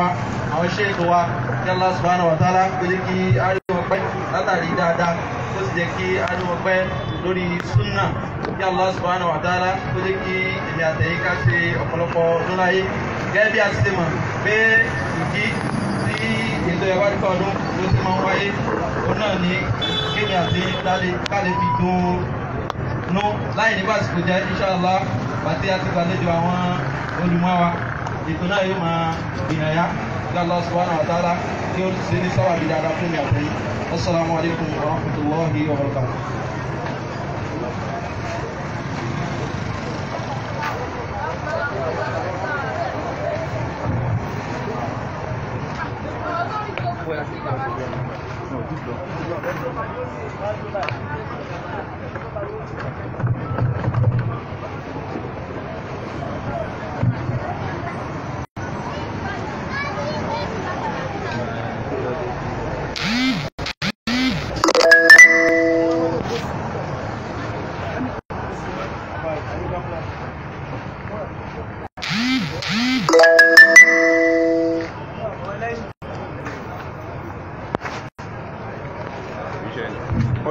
àwọn ṣe ètò wa kí Allah subhanahu wa ta'ala pèlè kí ariwo ọpẹ́ látàrí dáadáa ó sì jẹ kí ariwo ọpẹ́ lórí súnà kí Allah subhanahu wa ta'ala pèlè kí èmi àtẹ̀yìn ká ṣe ọ̀pọ̀lọpọ̀ ọdún láyé gẹ́gẹ́ bí a ti ṣe mọ̀ pé ìdí tí ètò ẹ̀wá nípa ọdún ló ti máa ń wáyé òun náà ní kémi àti káde fi dùn nú láì ní bàtìkù jẹ́ insha Allah bàtí a ti gbàlejò àwọn olùmọ̀ wa ètò náà yóò máa gbìyànjá Allah subhanahu wa ta'ala kí ó ṣe ní sábàbí dáadáa fún mi àtẹ̀yìn assalamu wa rahmatullahi wa barakatuh.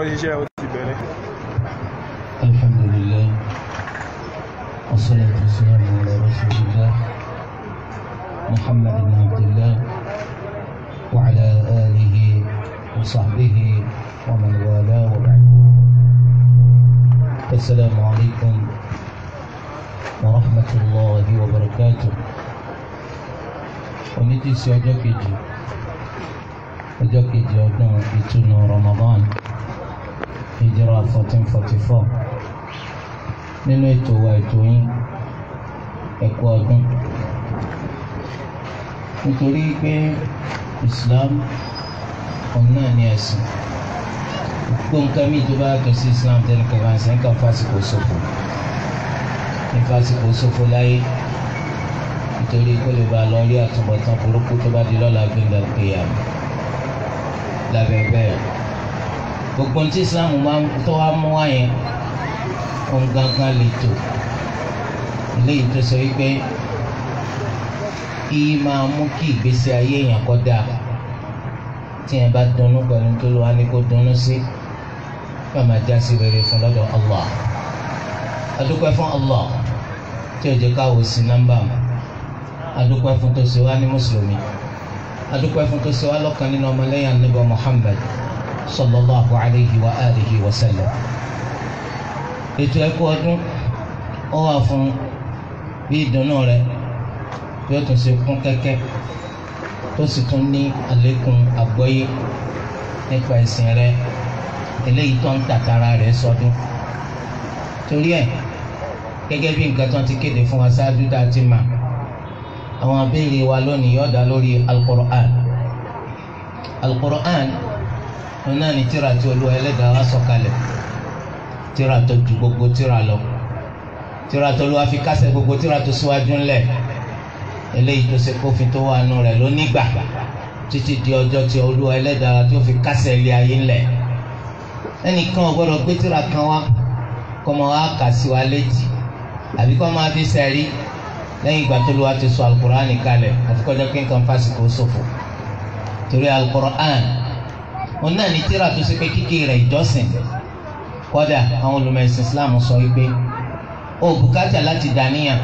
الحمد لله والصلاة والسلام على رسول الله محمد بن عبد الله وعلى آله وصحبه ومن والاه وبعد السلام عليكم ورحمة الله وبركاته onídìí sí ọjọ́ kejì ọjọ́ kejì ọdún hijira fourteen forty four nínú ètò wa ètò yín ẹ kú ọdún nítorí pé Islam òun náà ní ẹ̀sìn gbogbo nǹkan mi ìjọba yàtọ̀ sí Islam tẹ́lẹ̀ kẹfà ẹ̀sìn nǹkan fásikò ṣòfò ní fásikò ṣòfò láyé nítorí kó lè ba lọ rí àtúbọ̀tán burúkú tó bá di lọ́la gbẹ̀ngàn péyà lábẹ́ bẹ́ẹ̀ gbogbo ní tí islam máa ń tọ́ wá mú wá yẹn ohun gangan lè tò léyìí tó sọ wípé kí máa mú kí ìgbésí ayé èèyàn kọ́ dáa tí yẹn bá dunnú pẹ̀lú tó lọ́wọ́ ní kó dunnú sí bá máa já sí rere fún lọ́dọ̀ Allah adúpẹ́ fún Allah tí ó jẹ́ káwọ́ sí nọ́mbà mọ́ adúpẹ́ fún tó ṣe wá ní mùsùlùmí adúpẹ́ fún tó ṣe wá lọ́kàn nínú ọmọlẹ́yìn Ànábì Muhammad sallallahu alayhi wa alihi wa sallam ètò ẹ̀kọ́ ọdún ó wà fún bí ìdùnnú rẹ bí ó tún ṣe kún kẹ́kẹ́ tó sì tún ní àlékún àgbọ́yé nípa ìsìn rẹ eléyìí tó ń tàtàrà rẹ sọdún torí ẹ̀ gẹ́gẹ́ bí nǹkan tó ti kéde fún wa ṣáájú tá ti mà àwọn abéèrè wa lónìí yóò dá lórí al-Qur'an al-Qur'an. al quran al quran òun náà ni tíra tí olúwa ẹlẹ́dàá wa sọ̀kalẹ̀ tíra tó ju gbogbo tíra lọ tíra tó olúwa fi kásẹ̀ gbogbo tíra tó síwájú ńlẹ̀ eléyìí tó ṣe kófin tó wà nù rẹ̀ lónígbà títí di ọjọ́ tí olúwa ẹlẹ́dàá wa tó fi kásẹ̀ lé ayé ńlẹ̀ ẹnìkan ò gbé tíra kan wá kọ́ mọ wá kà sí wa létí àbí kọ́ máa fi sẹ́rí lẹ́yìn ìgbà tó olúwa ti sọ alukur'an kalẹ̀ àti kọjá kí n fásitì ó ṣòfò torí alukur'an òun náà ní tíra tó ṣe pé kíkì rẹ̀ ìjọsìn kódà àwọn olùmọ̀ẹ̀sìn Islam sọ wípé o bùkátà láti dàníyàn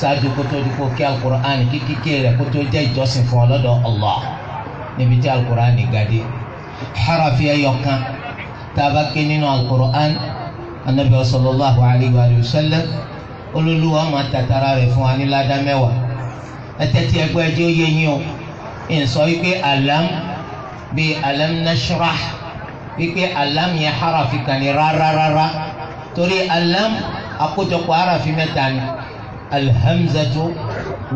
ṣáájú kó tó di kó kí alukur'an kíkì rẹ̀ kó tó jẹ́ ìjọsìn fún ọ Allah níbi tí alukur'an gàdé harafi ẹyọkan tàbá ké nínú alukur'an anabi sallallahu alayhi wa sallam olólùwà máa tàtàrà rẹ̀ fún wa ní ládàá mẹ́wàá ẹtẹ́tí ẹgbẹ́ ẹjẹ́ yẹ yín o ìsọ wípé alam bíi alam nashrah wípé alam yẹn harafi kan ní rárára torí alam àkójọpọ̀ harafi mẹ́ta ni alhamzatu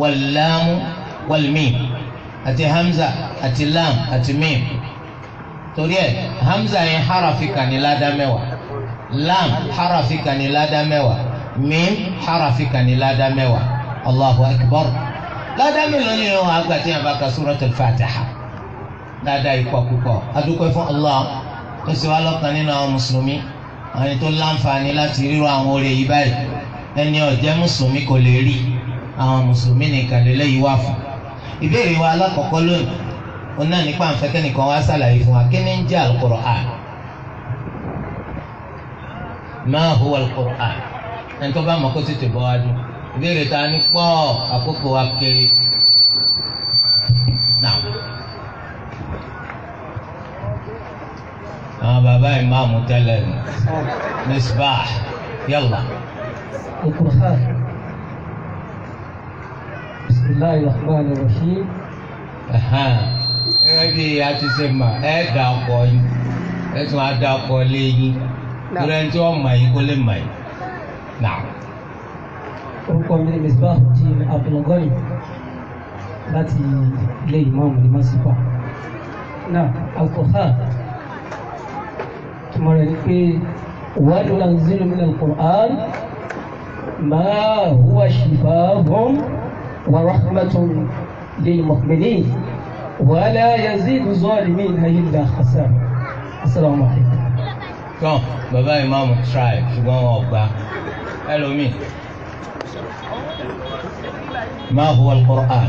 wàlámù wàlmíì àti hamza àti lam àti mim torí ẹ hamza yẹn harafi kan ní ládàá mẹ́wàá lam harafi kan ní ládàá mẹ́wàá mim harafi kan ní allahu akbar ládàá mélòó ni wọn àgbà tí wọn ka suratul fatiha dáadáa ìpọ̀ púpọ̀ adúpẹ́ fún Allah tó sì wá lọ́kàn nínú àwọn mùsùlùmí àwọn ẹni tó láǹfààní láti ríro àwọn oore yìí báyìí ẹni ọ̀jẹ́ mùsùlùmí kò lè rí àwọn mùsùlùmí nìkan lélẹ́ yìí wà fún. ìbéèrè wa alákọ̀ọ́kọ́ lónìí òun náà nípa àǹfẹ́kẹ́ nìkan wá sàlàyé fún wa kí ni ń jẹ́ al-Qur'an ma huwa al-Qur'an ẹni tó bá mọ̀ kó tètè bọ́ wá dùn ìbéèrè ta ni pọ́ àkókò wa kéré. àwọn bàbá ìmáàmù tẹ́lẹ̀ nù Misbah yàlla. القرآن بسم الله الرحمن الرحيم ẹ bí a ti ṣe mà ẹ dà ọkọ yín ẹ tún á dà ọkọ lé yín lórí ẹni tí wọn mọ yín kó lè mọ orúkọ mi ni Misbah di Abdulgani láti ilé ìmọ̀ọ́mù ní Masipa náà alkohol. مرنكي وننزل من القرآن ما هو شفاهم ورحمة للمؤمنين ولا يزيد الظالمين إلا خسارة السلام عليكم كم بابا إمام تراي شكرا أبا ألو مين ما هو القرآن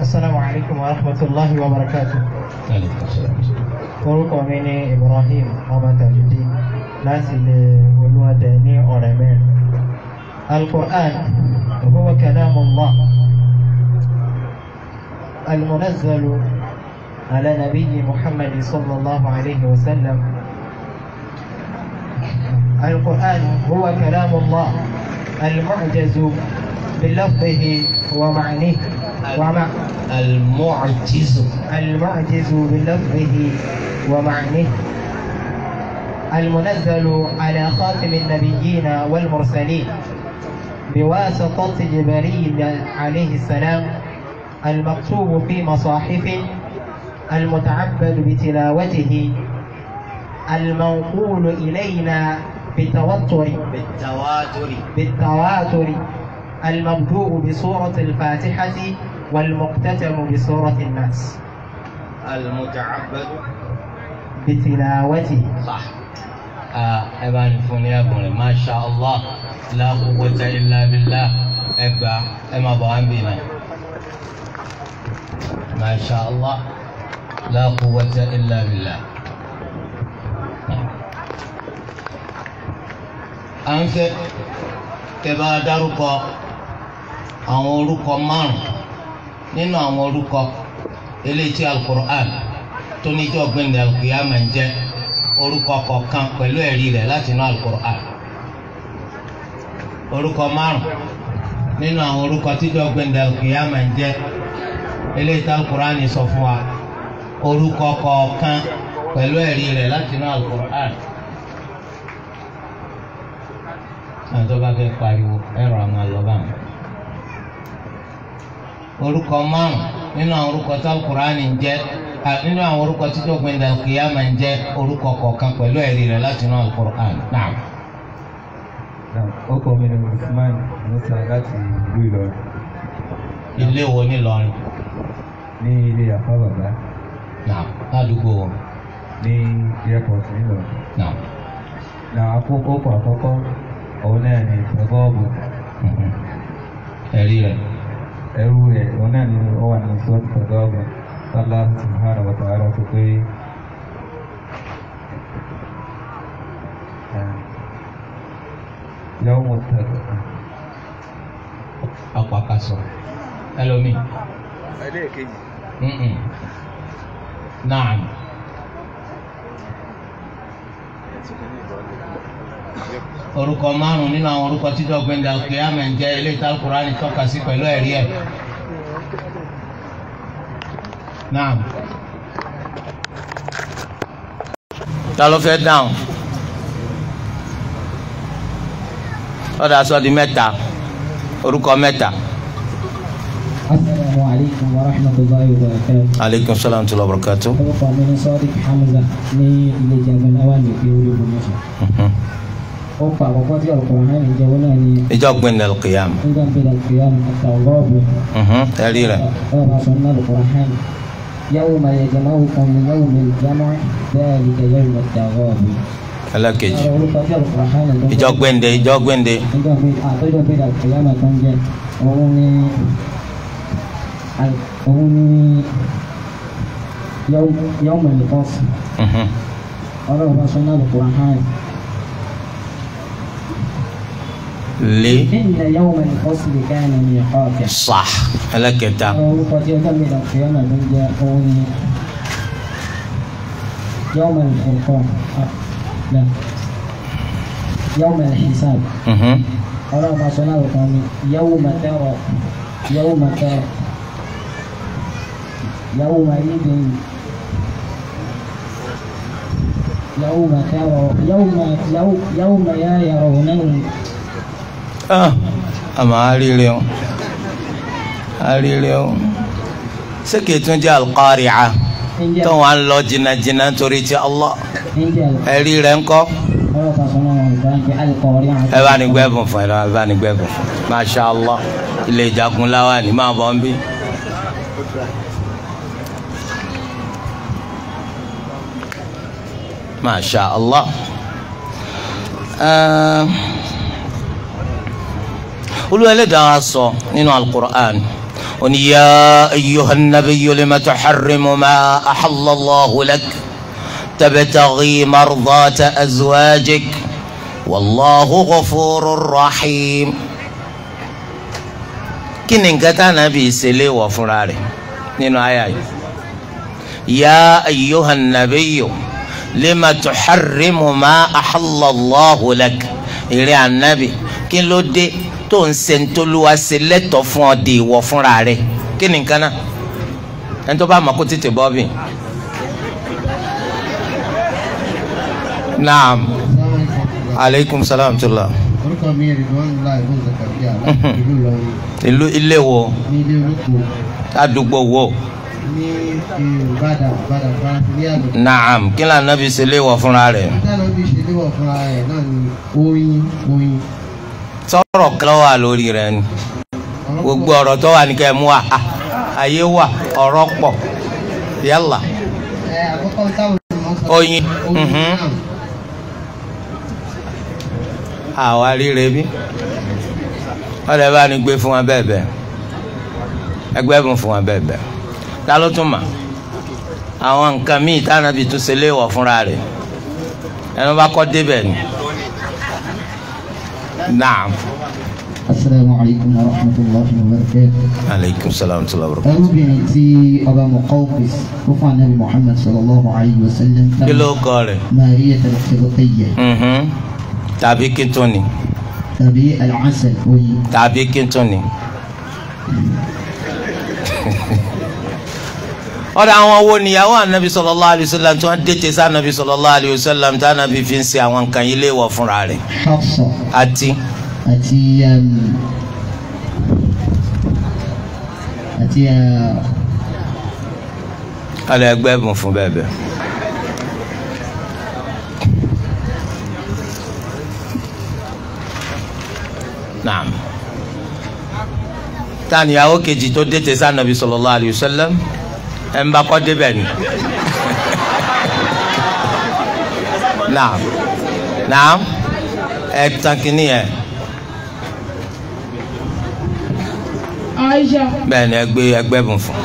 السلام عليكم ورحمة الله وبركاته orúkọ mi ni Ibrahim ọmọ tajudi láti ilé olúwadẹ ní ọ̀rẹ́ mẹ́rin Al-Qur'an huwa kalamullah al-munazzalu ala nabiyyi Muhammad sallallahu alayhi wa sallam القرآن هو كلام الله المعجز بلفظه ومعنيه ومع المعجز المعجز بلفظه ومعنه المنزل على خاتم النبيين والمرسلين بواسطة جبريل عليه السلام المكتوب في مصاحف المتعبد بتلاوته المنقول إلينا بالتواتر بالتواتر بالتواتر المبدوء بسورة الفاتحة والمكتتم بصورة الناس المتعبد بتلاوته صح آه، أبان فوني أبوني ما شاء الله لا قوة إلا بالله أبا أما بوان بينا ما شاء الله لا قوة إلا بالله أنت تبادر أو أنا أقول nínú àwọn orúkọ eléyìí tí alukur'an tó níjọ́ gbẹ̀ndẹ̀ alukiyama ń jẹ́ orúkọ kọ̀ọ̀kan pẹ̀lú ẹ̀rí rẹ̀ láti inú alukur'an orúkọ márùn nínú àwọn orúkọ tíjọ́ gbẹ̀ndẹ̀ alukiyama ń jẹ́ eléyìí tí alukur'an sọ fún wa orúkọ kọ̀ọ̀kan pẹ̀lú ẹ̀rí rẹ̀ láti inú alukur'an. àtọ́ba fẹ́ pariwo ẹ̀rọ àwọn àlọ́bàmù orúkọ márùn nínú àwọn orúkọ tí alukurani ń jẹ nínú àwọn orúkọ tí tó gbẹndà kìyàmà ń jẹ orúkọ kọ̀ọ̀kan pẹ̀lú ẹ̀rí rẹ̀ láti inú alukurani náà. ọkọ mi ni Usman Musa láti ìlú Ìlọrin. ilé wo ní Ìlọrin. ní ilé àfa bàbá. náà ládùúgbò wọn. ní airport nílọrin. náà. náà àkókò àkọ́kọ́ òun náà ní ìfẹ́ bọ́ọ̀bù. Mm-hmm. ẹ̀rí rẹ̀ ẹrú rẹ̀ òun náà ni ó wà ní sọ́ọ̀tì pẹ̀lú ọ̀gbìn sálá subhanahu wa ta'ala sọ pé yọ wọn tẹ̀lé. ọ̀pọ̀ àkàsọ̀ ẹlòmí. ẹlẹ́ẹ̀kejì. náà orúkọ márùn nínú àwọn orúkọ títọ́ gbẹ̀ndà òkè àmẹ́ ń jẹ́ ilé ìtàlù kùránì tọ́ka sí pẹ̀lú ẹ̀rí ẹ̀. naam. ta ló fẹ́ dáhùn ọ̀dà sọ di mẹ́ta orúkọ mẹ́ta. السلام عليكم ورحمة الله وبركاته. عليكم السلام ọkọ̀ àkọ́kọ́ tí Al-Qur'an ní jẹ́ wọn náà ni. ìjọ gbin lẹ́lu kìyàmù. ìjọ gbin lẹ́lu kìyàmù àtàwọ̀rọ̀bù. ẹ̀rí rẹ̀. ọ̀rọ̀ bá sọ ní Al-Qur'an yawma yajma'ukum li yawmil jam'i dhalika yawmut targhab alákejì ìjọ gbẹ̀ǹde ìjọ gbẹ̀ǹde. àtọ́jọ́ pé àkìyàmà tó ń jẹ òun ni òun ni yawmul fasl mhm. ọlọ́run bá sọ náà lọ́kùnrin hàn. لي إن يوم الفصل كان ميقاتا صح لك تام يوم الفرقان لا يوم الحساب اها قال الله سبحانه وتعالى يوم ترى يوم ترى يومئذ يوم ترى يوم يوم يوم يا يرونه Ah, àmọ́ àríire o àríire o sèké tún jẹ́ alqari'a tó wà ń lọ jìnnàjìnnà torí ti Allah ẹ̀rí rẹ̀ ń kọ́ ẹ bá ní gbẹ́bùn fún ẹ lọ́wọ́ ẹ bá ní gbẹ́bùn fún ẹ masha Allah ilé ìjagun láwa ni máa bọ̀ ń bí. masha Allah. Uh, والولد عصو إنو القرآن قل يا أيها النبي لم تحرم ما أحل الله لك تبتغي مرضات أزواجك والله غفور رحيم كن انكتا بي سلي وفراري نينو آي آي. يا أيها النبي لم تحرم ما أحل الله لك يا النبي كن لودي tó ń ṣe ntòlúwa ṣe lẹ́tọ̀ fún ọ di ìwọ fúnra rẹ kí ni nǹkan náà ẹni tó bá mọ̀ kó tètè bọ́ bì. naam aleykum salaam tula. orúkọ mi rìdwan láì bó zakaria mhm. ìlú Ìlọrin. ìlú ilé wo. ní ilé olóko. àdúgbò wo. ní eh, ìbàdàn ìbàdàn faransé ní àdúgbò. naam kí ni ànábi ṣe léwọ̀ fúnra rẹ̀. kí ni ànábi ṣe léwọ̀ fúnra rẹ̀ náà ni oyin oyin. Tọrọ kan wà lórí rẹ̀ ni gbogbo ọrọ tó wà ní kẹ́ mú wa ah, ayé wa ọ̀rọ̀ pọ̀ yálà. oyin mm-hmm. àwa ríre bí bá ní gbé fún wa bẹ́ẹ̀ bẹ́ẹ̀ bùn fún wa àwọn nǹkan míì tánàbì tún ṣe fúnra ẹnu bá ni. نعم السلام عليكم ورحمة الله وبركاته. عليكم السلام ورحمة الله وبركاته. أبو بنتي أبا مقوقس رفع النبي محمد صلى الله عليه وسلم. كيلو قال. مارية الخلقية. اها. تابي كنتوني. تابي العسل. تابي كنتوني. ọ̀dọ̀ àwọn wo níyàwó anabi sallallahu alayhi wa sallam tí wọ́n dẹ́tẹ̀ sí anabi sallallahu alayhi wa sallam tí anabi fi ń ṣe àwọn nǹkan yìí léèwọ̀ fúnra rẹ̀. àti. àti um, àti. Uh, alẹ́ ẹgbẹ́ bùn fún bẹ́ẹ̀ bẹ́ẹ̀. naam tani àwọn kejì tó dẹ́tẹ̀ sí anabi sallallahu alayhi wa sallam ẹ ń bá kọ́ débẹ̀ ni. naam naam ẹ tán kínní yẹn. bẹ́ẹ̀ ni ẹ ẹgbẹ́ bùn fún.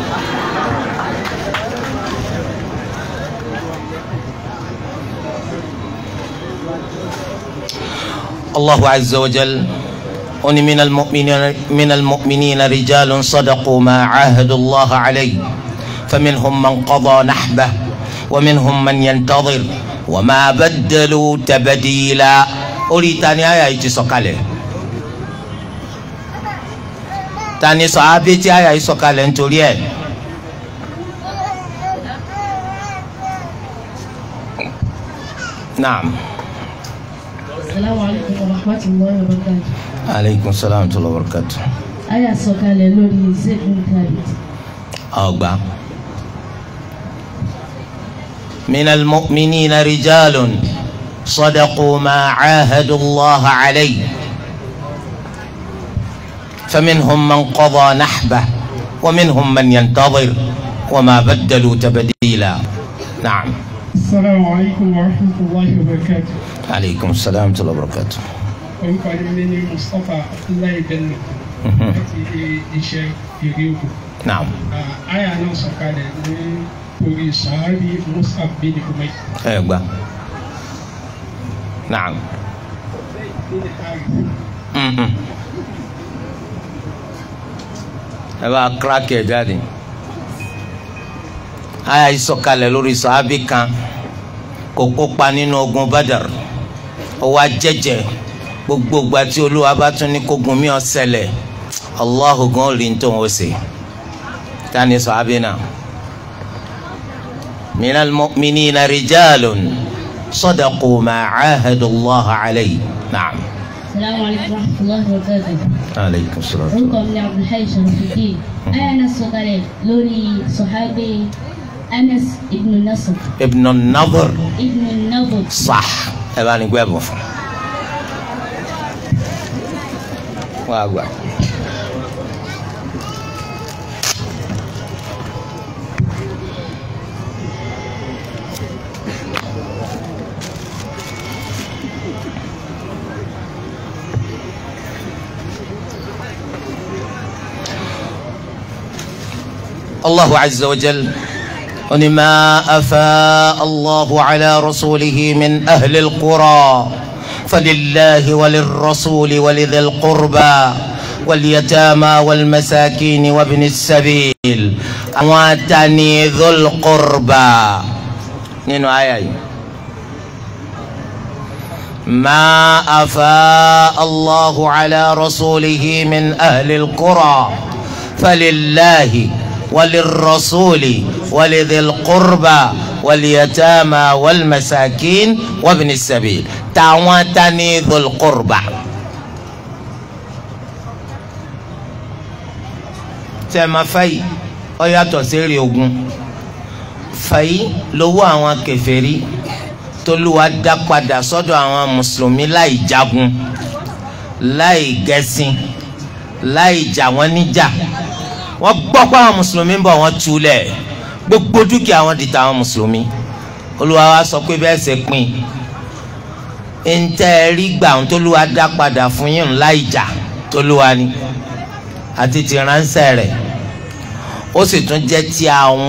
الله عز وجل ومن المؤمنين من المؤمنين رجال صدقوا ما عاهدوا الله عليه فمنهم من قضى نحبه ومنهم من ينتظر وما بدلوا تبديلا أريد أن يأتي سكاله tani sọhabi tí àyà yìí sọ̀kalẹ̀ nítorí ẹ̀ naam. salaamaleykum wa rahmatulahi wa barakatu. aleykum salaam wa rahmatulahi wa barakatu. àyà sọ̀kalẹ̀ lórí zayd bin thabit. ọgbà. Oh, من المؤمنين رجال صدقوا ما عاهدوا الله عليه فمنهم من قضى نحبه ومنهم من ينتظر وما بدلوا تبديلا نعم السلام عليكم ورحمة الله وبركاته عليكم السلام ورحمة الله وبركاته orúkọ ni مصطفى الله mustapha abdullahi bello láti ilé torí sàárì Mus'ab bin Umayr. ẹ gbà naam. ẹ bá kíráàkì ẹ jáde aya ìsọ̀kalẹ̀ lórí sàábì kan kò kópa nínú ogun Badar ó wá jẹ́jẹ́ gbogbo ìgbà tí Olúwa bá tún ní kógun mi ó ṣẹlẹ̀ Allahu gan ò rí ní tòun ó ṣe ta sàábì náà. من المؤمنين رجال صدقوا ما عاهدوا الله عليه نعم السلام عليكم ورحمة الله وبركاته. عليكم السلام. ركم بن عبد الحي أنا أنس وطريق لوري صحابي أنس ابن النصر. ابن النظر ابن النظر صح. أباني قوي أبو فرح وأقوى. الله عز وجل ولما أفاء الله على رسوله من أهل القرى فلله وللرسول ولذي القربى واليتامى والمساكين وابن السبيل واتني ذو القربى نينو آية آي ما أفاء الله على رسوله من أهل القرى فلله وللرسول ولذي القربى واليتامى والمساكين وابن السبيل تعواتني ذو القربى tẹ́ẹ̀ma fẹ́yì ọ yàtọ̀ sẹ́rì ogun fẹ́yì lọ́wọ́ àwọn kèfèrí tolúwa dá padà sọ́dọ̀ àwọn mùsùlùmí láì jagun láì gẹ̀sìn láì jà wọ́n níjà. Ja wọ́n gbọ́ pé àwọn mùsùlùmí ń bọ̀ wọ́n túlẹ̀ gbogbo dúkìá wọn di tàwọn mùsùlùmí olúwa wa sọ pé bẹ́ẹ̀ ṣe pín in ntẹ́ rí gbà ń tólúwa dá padà fún yín ńlá ìjà tólúwa ni àti ti ránṣẹ́ rẹ̀ ó sì tún jẹ́ ti àwọn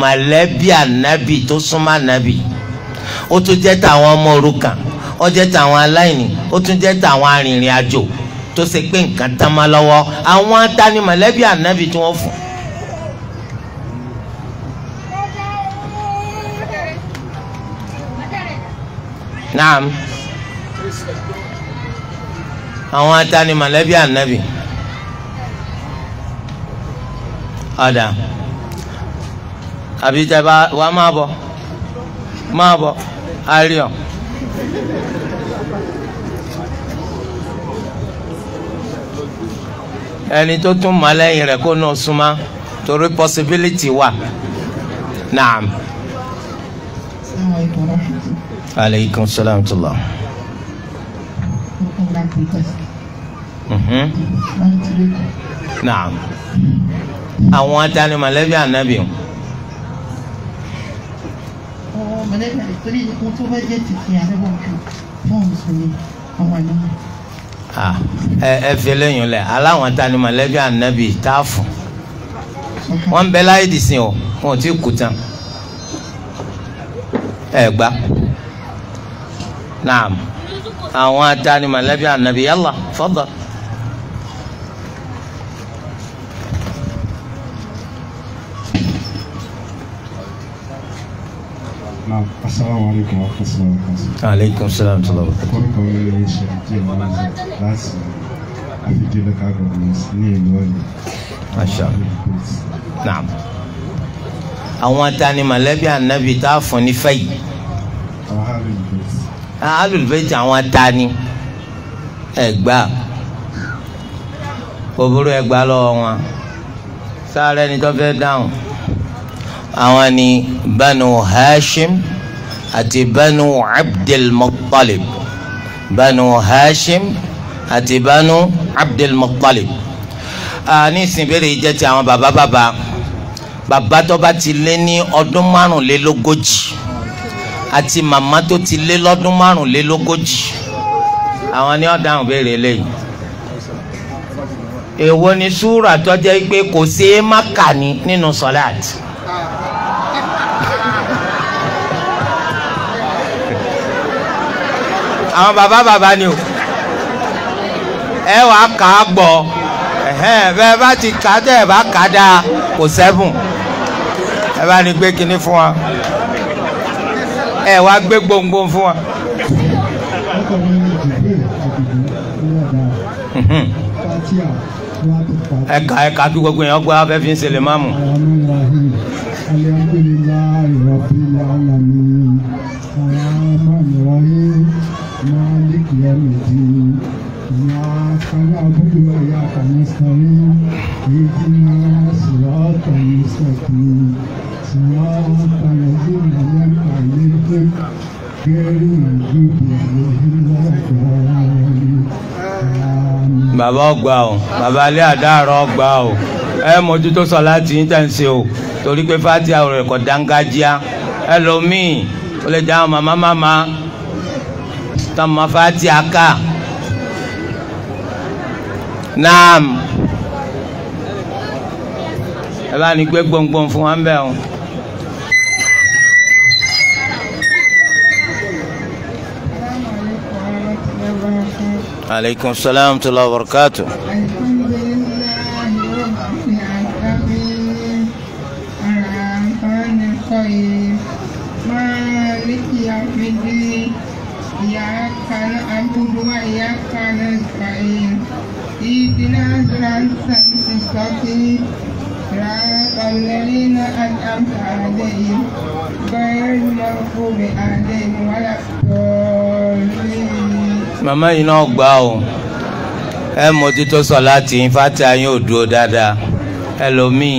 mọ̀lẹ́bí ànábì tó súnmọ́ ànábì ó tún jẹ́ tàwọn ọmọ òrukàn ó jẹ́ tàwọn aláìní ó tún jẹ́ tàwọn arìnrìn àjò tó ṣe pé nǹkan tán má lọ́wọ́ àwọn atani mọ̀lẹ́bí ànábì tí wọ́n fún. naam àwọn atani mọ̀lẹ́bí ànábì. ọ̀dà àbí tẹ bá wa máa bọ̀ máa bọ̀ àríọ̀. ẹni tó tún ma lẹ́yìn rẹ̀ kó náà súnmọ́ torí possibility wà naam. aleykum salaam tula. Mhm. naam àwọn atani mọ̀lẹ́bí ànábì o mọ̀lẹ́bí àti torí ohun tó fẹ́ jẹ́ tìtì àdébọ̀kù fún mùsùlùmí ọmọ ìlú náà ẹ fi lẹ́yìn lẹ̀ aláwọn ta ni mọ̀lẹ́bí ànábì tá a fún wọn ń bẹ láyé dì sin o wọn ò tí kú tán ẹ gbá naam àwọn ta ni mọ̀lẹ́bí ànábì yálà fọ́dọ̀. asalaamualeykum wa rahmatulahi wa barakatuh. aleykum salaam wa rahmatulahi wa barakatuh. àwọn tani mọ̀lẹ́bí anabi tá a fún ní fẹ́yì. Ah, àwọn tani ẹ̀gbá òbúrò ẹ̀gbá lọ́wọ́ wọn sáré ni tó fẹ́ dáhùn àwọn ni banu hashim àti banu abdulmuttalib banu hashim àti banu abdulmuttalib ní ìsìnbẹ̀rẹ̀ yìí jẹ́ ti àwọn bàbá bàbá bàbá tó bá ti lé ní ọdún márùnlélógójì àti màmá tó ti lé lọ́dún márùnlélógójì àwọn ni ó dáhùn béèrè lẹ́yìn èwo ni súrà tó jẹ́ pé kò sí é má kà ní nínú sọ́láàtì. àwọn bàbá bàbá ni o ẹ wàá kà á gbọ́ bẹ́ẹ̀ bá ti kà á tẹ́ ẹ bá kà á dáa kò sẹ́fùn ẹ bá ní gbé kinní fún wa ẹ wàá gbé gbòǹgbò fún wa. ẹka ẹka kí gbogbo yẹn gbọ́ abẹ́ fi ń ṣẹlẹ̀ máàmù. الدين يا صراط وياك مستقيم اهدنا صراط مستقيم صراط الذين انعمت عليهم غير المغضوب عليهم ولا الضالين bàbá ọgbà o bàbá ilé àdáàrọ ọgbà o ẹ mójútó sọ láti yín o torí pé fatia rẹ̀ kọ̀ dángájíá ẹlòmíì ó lè dáhùn màmá màmá tán mọ fati aka naam ẹ bá ní gbé gbòǹgbòǹ fún wa ń bẹ̀ o. aleykum salaam wa rahmatulahi wa barakatuh. أنعمت بالصالحين صراط الذين أنعمت عليهم غير المغضوب عليهم ولا الضالين màmá yìí náà gbà ó ẹ mójútó sọ láti yín fátá yín ò dúró dáadáa ẹlòmíì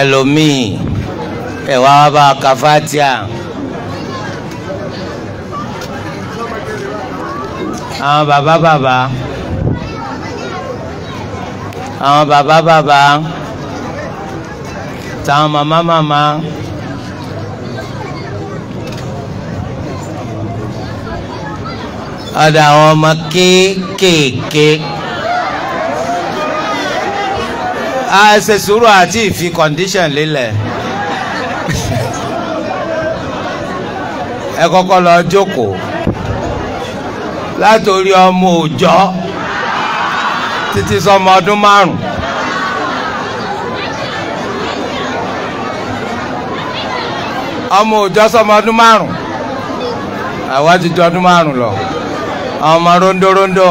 ẹlòmíì ẹ wá wá bá ka fátíà. àwọn bàbá bàbá àwọn bàbá bàbá táwọn màmá màmá. ọ̀dọ̀ àwọn ọmọ kéékèèké. a ṣe sùúrù àti ìfi condition lélẹ̀. ẹ kọ́kọ́ lọ jókòó látòrí ọmọ òòjọ́ títí sọmọ ọdún márùn. ọmọ òjọ́ sọmọ ọdún márùn. àwa ti ju ọdún márùn lọ. ọmọ rondo rondo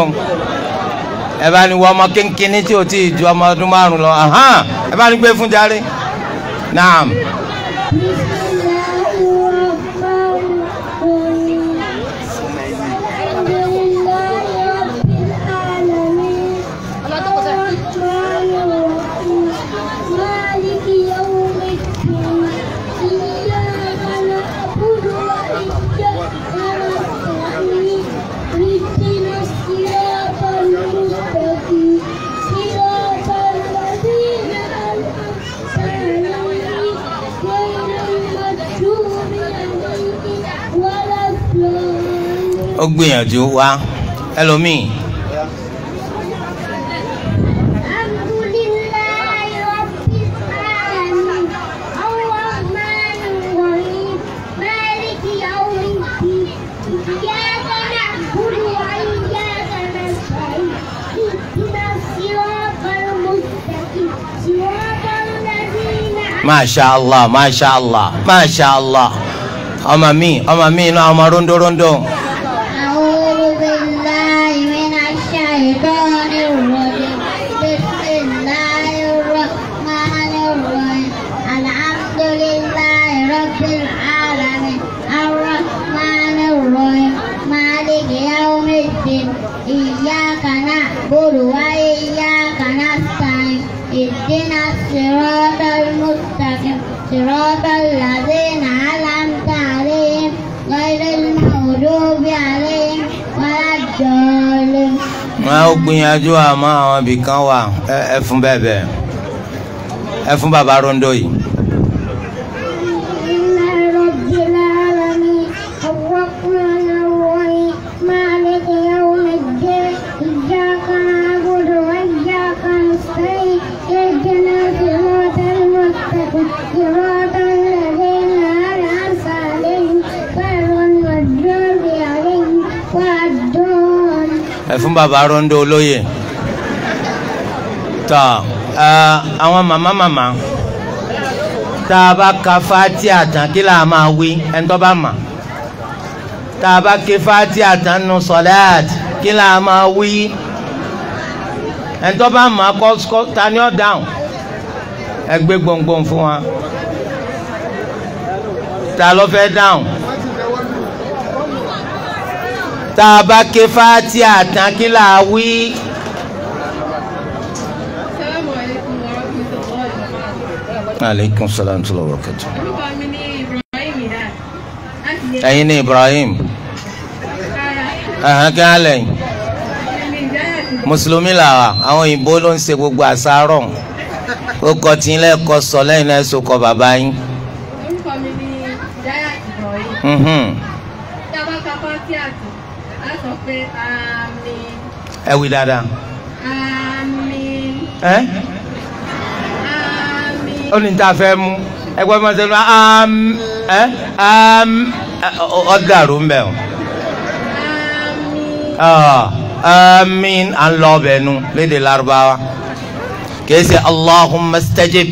ẹ bá ní wọ ọmọ kínkínní tí o ti ju ọmọ ọdún márùn lọ ẹ bá ní gbé fún jàre. naam. ó gbìyànjú wá ẹlòmíì. masha allah masha allah masha allah ọmọ mi ọmọ mi inú ọmọ rondo rondo. wọn ó gbìyànjú àmọ́ àwọn ibìkan wà ẹ fún bẹ́ẹ̀ bẹ́ẹ̀ ẹ fún bàbá rondo yìí. ẹ fún bàbá rondo olóyè tọ ẹ àwọn màmá màmá tá a bá ka fati àtàn kí là máa wí ẹni bá mà tá a bá ké fati àtàn nù sọlẹ́t kí là máa wí ẹni tó bá mà kọ́ ta ni ọ́ dáhùn ẹ gbọ̀ngbọ̀n fún wa ta ló fẹ́ dáhùn tá a bá ké fáti àtàn kí là á wí. aleykum salaam tó lọ wọ́kẹ́tù. ni Ibrahim. ẹ̀hán kí á lẹ́yìn. mùsùlùmí làwà àwọn òyìnbó ló ń ṣe gbogbo àṣàrọ̀ ó kọ tí ń lẹ́ẹ̀kọ́ sọ lẹ́yìn náà sọ kọ bàbá yín pé àmín. ẹ wí dáadáa. àmín. ẹ. àmín. ó ní ta fẹ́ mú ẹgbẹ́ mi sẹ́nu am ẹ am ọ̀dàrú ń bẹ̀ o. àmín ah, à ń lọ nu lédè Lárúbáwá kìí Allahumma stajib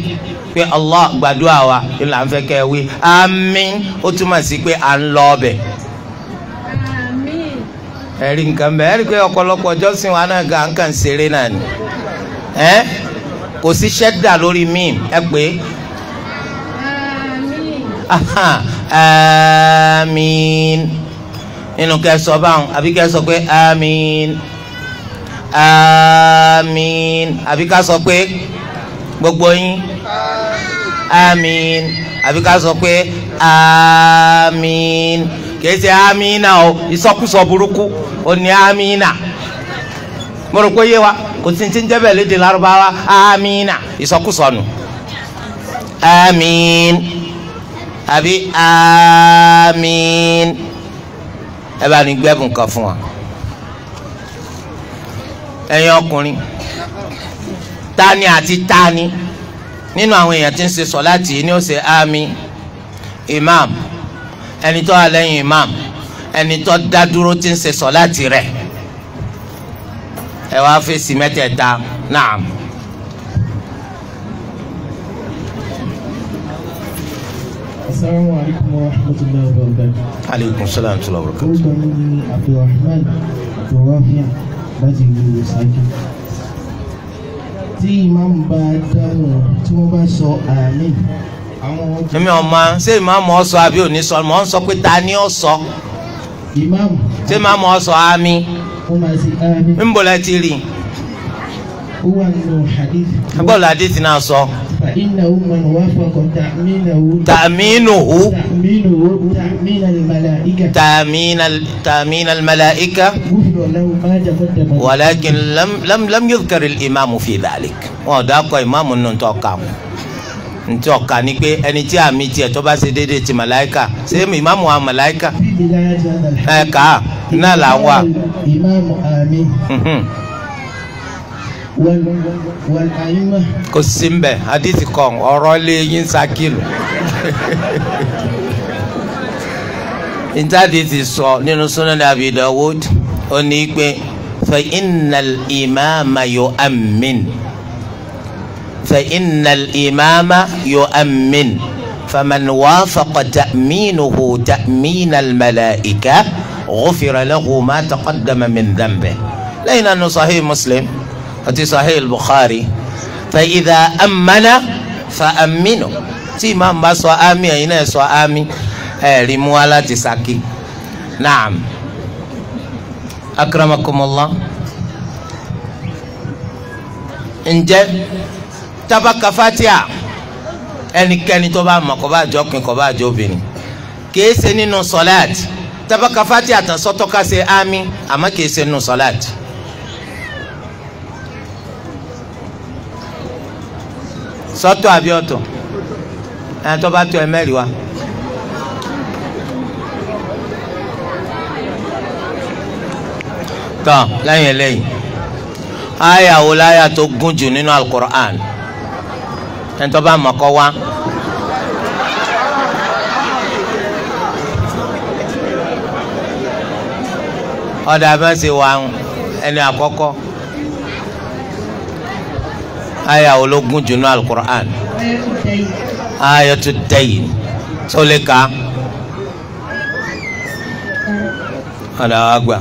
pé Allah gbàdúrà wa ìlànà fẹ́ kẹ́ wí àmín ó túmọ̀ sí pé à ń lọ ọbẹ̀ ẹ̀rí nǹkan bẹ́ẹ̀ ẹ̀rí pé ọ̀pọ̀lọpọ̀ jọ́sìn wa náà gan kan ṣeré náà ni ẹ́ kò sí ṣẹ́dà lórí míìm ẹ pé àmín nínú kẹsọ báwọn àbí kẹsọ pé àmín àmín àbí ká sọ pé gbogbo yín àmín àbí ká sọ pé àmín. kìí ṣe amina o ìsọkúsọ burúkú o ní amina mo rò pé yé wa kò tí ń tí ń jẹ́ bẹ́ẹ̀ lédè amina ìsọkúsọ nù amin àbí amin ẹ bá ní gbẹ́bùn kan fún wa ẹ̀yin ọkùnrin tani àti tani nínú àwọn èèyàn tí ń ṣe sọ láti ní ó ṣe imam. ẹni tó wà lẹ́yìn imam ẹni tó dá dúró tí ń ṣe sọ̀láàtì rẹ̀ ẹ wá fèsì mẹ́tẹ̀ẹ̀ta náà. asalaamualeykum wa rahmatulahi wa barakatuh. aleykum salaam wa rahmatulahi wa barakatuh. orúkọ mi ni abdulrahman abdulrahman láti ìlú ṣáájú. tí ìmáàmù bá dáhùn tí wọ́n bá sọ àmín èmi ọmọ ṣé ìmáàmù ọsọ àbí òní sọ mọ ń sọ pé ta ni ó sọ ṣé ìmáàmù ọsọ àmì ń bọ̀ láti rí bọ́ọ̀lù àdìsí náà sọ. tàmínùhù tàmínà màláìka wàlákin lam yóò kárí ìmáàmù fi dàlík wọn ò dákọ̀ ìmáàmù nù tó kàn ntí ọ̀ka ni pé ẹni tí àmì tiẹ̀ tó bá ṣe déédéé ti màláìka ṣé ìmáàmù wa màláìka ẹ kà á náà là wà. kò sí mbẹ hadith kan ọ̀rọ̀ lé yín sákìlù ntaade ti sọ nínú sunan Abi Dawud ó ní pé fa innal imama yu'ammin. فإن الإمام يؤمن فمن وافق تأمينه تأمين الملائكة غفر له ما تقدم من ذنبه لين أنه صحيح مسلم أتي صحيح البخاري فإذا أمن فأمنه tí màá bá sọ ámì ẹ̀yin náà sọ ámì ẹ̀ rí mu wá tábà ka fatia ẹnikẹ́ni tó bá mọ̀ kó bá jọ kùn kó bá jọ obìnrin kìí ṣe nínú sọláàt tábà ka fatia tán sọ́tọ̀ ká ṣe ámì àmọ́ kìí ṣe nínú sọláàt. sọ́tọ̀ àbí ọ̀tọ̀ ẹni tó bá tó ẹ mẹ́rin wa. tán lẹ́yìn lẹ́yìn àyà wo láyà tó gùn jù nínú alukur'an. No ẹni tó bá mọ̀ kọ́ wá. ọ̀dà abẹ́sẹ̀ wà ẹni àkọ́kọ́ aya ológun junu alukur'an aya tó dẹ́yìn tó lè ka ọ̀dà àgbà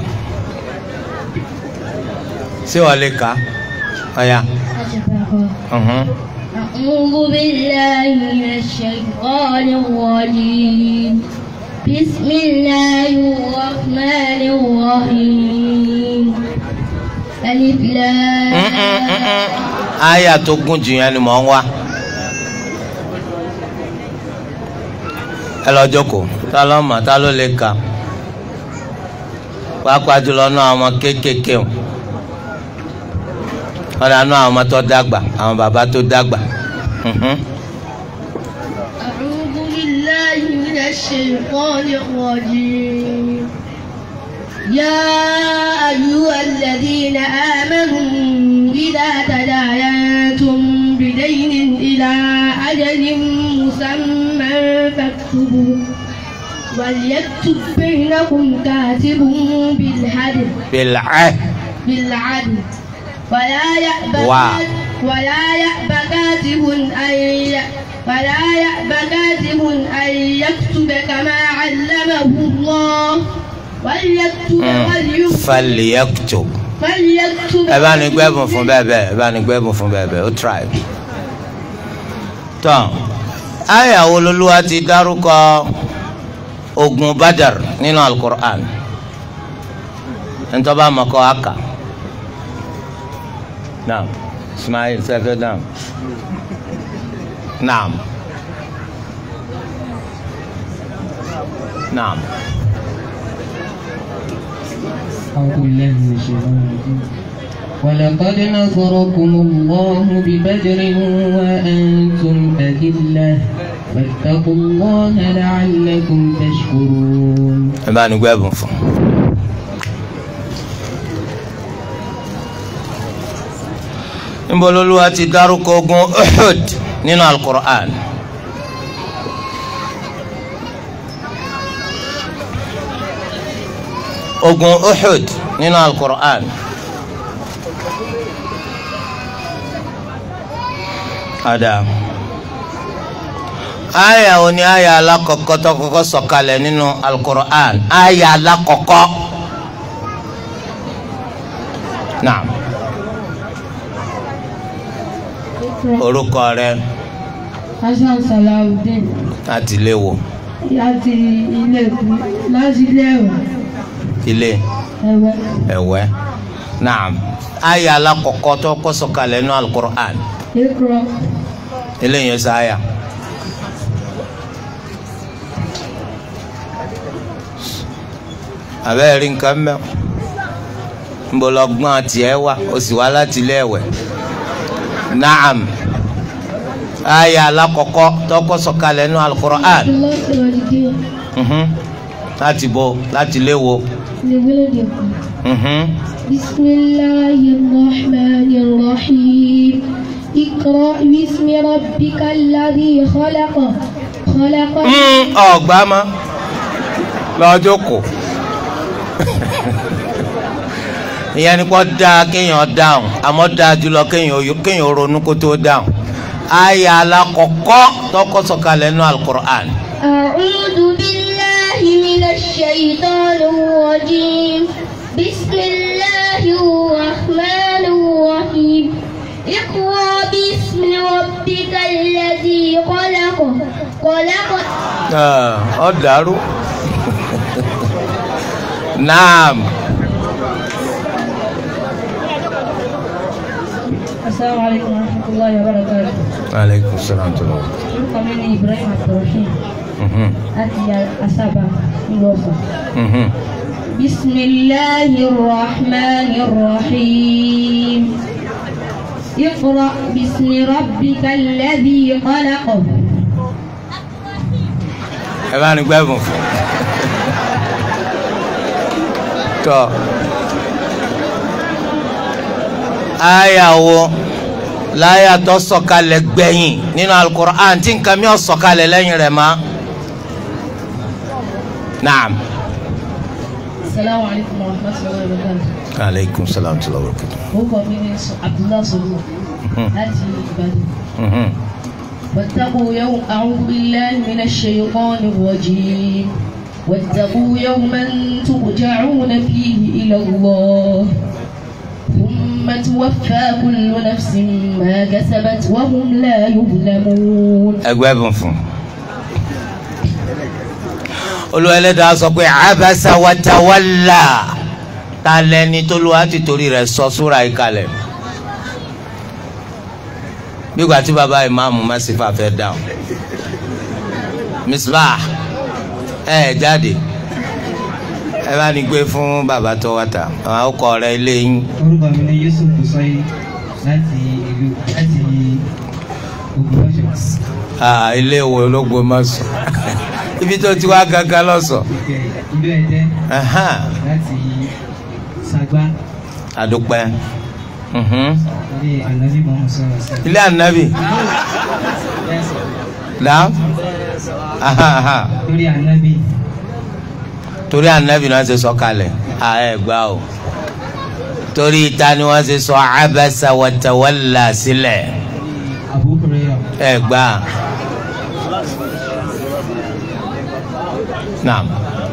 sí wà lè ka ọ̀ya. أعوذ بالله من الشيطان الرجيم بسم الله الرحمن الرحيم ألف لام آية تقول جيان مانوا ẹ lọ jókòó ta ló mọ̀ ta ló lè kà pàápàá jùlọ náà àwọn kéékèèké wọn dáná àwọn ọmọ tó dàgbà àwọn bàbá tó dàgbà. أعوذ بالله من الشيطان الرجيم يا أيها الذين آمنوا إذا تداينتم بدين إلى أجل مسمى فاكتبوا وليكتب بينكم كاتب بالعدل بالعدل ولا يأبى ولا يأبى كاتب أن ولا يأبى كاتب أن يكتب كما علمه الله وليكتب فليكتب فليكتب ẹ bá ní gbẹ́bùn fún bẹ́ẹ̀ bẹ́ẹ̀ ẹ bá ní gbẹ́bùn fún ti dárúkọ ogun badar nínú alukur'an ntọ́ bá mọ̀kọ́ نعم اسماعيل سافر نعم نعم نعم أعوذ بالله من الشيطان الرجيم ولقد نصركم الله ببدر وأنتم أذلة فاتقوا الله لعلكم تشكرون. nbololuwa ti dárúkọ ogun Uhud nínú alukur'an. ogun Uhud nínú alukur'an. ada aya wo ni aya alakọkọ tó kọ́kọ́ sọ̀kalẹ̀ alukur'an aya alakọkọ naam. orúkọ rẹ. hasan salawudeen. láti ilé wo. láti ilé láti ilé ilé. tó alukur'an. eléyìí naam aya alakọkọ tọkọ sọ̀kalẹ̀ nu alukur'an mhm. láti bo láti léwo. Mhm. bisimilahi rahmani rahim ikra bismi rabbika alladhi khalaqa khalaqa. ọgbà ma لا جوكو. ìyẹn ni kò dáa kéèyàn dáhùn àmọ́ dáa jùlọ kéèyàn ronú kó tó dáhùn àyà alákọ̀ọ́kọ́ tó kọ́ sọ̀kalẹ̀ nínú alukur'an. a'udhu billahi minash shaitanir rajim bismillahir rahmanir rahim iqra bismi rabbikal ladhi khalaq khalaq. ọ̀ dàrú. naam. السلام عليكم ورحمة الله وبركاته. عليكم السلام ورحمة الله. Orúkọ mi إبراهيم Ibrahim Abdulrahim. بسم الله الرحمن الرحيم. اقرأ باسم ربك الذي خلق. Ẹ bá ní láyà tó sọ̀kalẹ̀ gbẹ̀yìn nínú alukur'an tí nǹkan mi ò sọ̀kalẹ̀ lẹ́yìn rẹ̀ ma. naam. salaamu alaykum wa rahmatulahi wa barakatuh. aleykum salaam wa rahmatulahi wa barakatuh. o kò mi ni abdullahi sọlọ mhm. láti ìbàdàn. wàtàkùn yẹwò àwọn bíláì mi náà ṣe kọ́ ni wọ́jì. واتقوا يوما ترجعون فيه إلى الله توفى كل نفس ما كسبت وهم لا يظلمون أجواب فهم Olúwa Ẹlẹ́dàá sọ pé abasa watawalla ta lẹni tó lu torí rẹ̀ sọ súra yìí kalẹ̀ gbígbà tí baba ìmáàmù Masifa fẹ́ dáhùn Misbah ẹ̀ jáde. Eh, ẹ bá ní gbé fún bàbá tó wà tà àwọn ọkọ rẹ ilé yín. orúkọ mi ni Yusuf Busoyi láti ìlú láti Ògbómọ̀ṣọ́. ilé wo l'Ógbómọ̀ṣọ́ ibi tó ti wá gangan lọ́sọ̀. ìlú Ẹdẹ láti Sagba. àdúpẹ́ mhm. ilé ànábì là. lórí ànábì torí anabi ni wọ́n ṣe sọ kalẹ̀ ààyè gbà o torí ìta ni wọ́n ṣe sọ abasa wàtawàlà sílẹ̀ ẹ gbà. naam.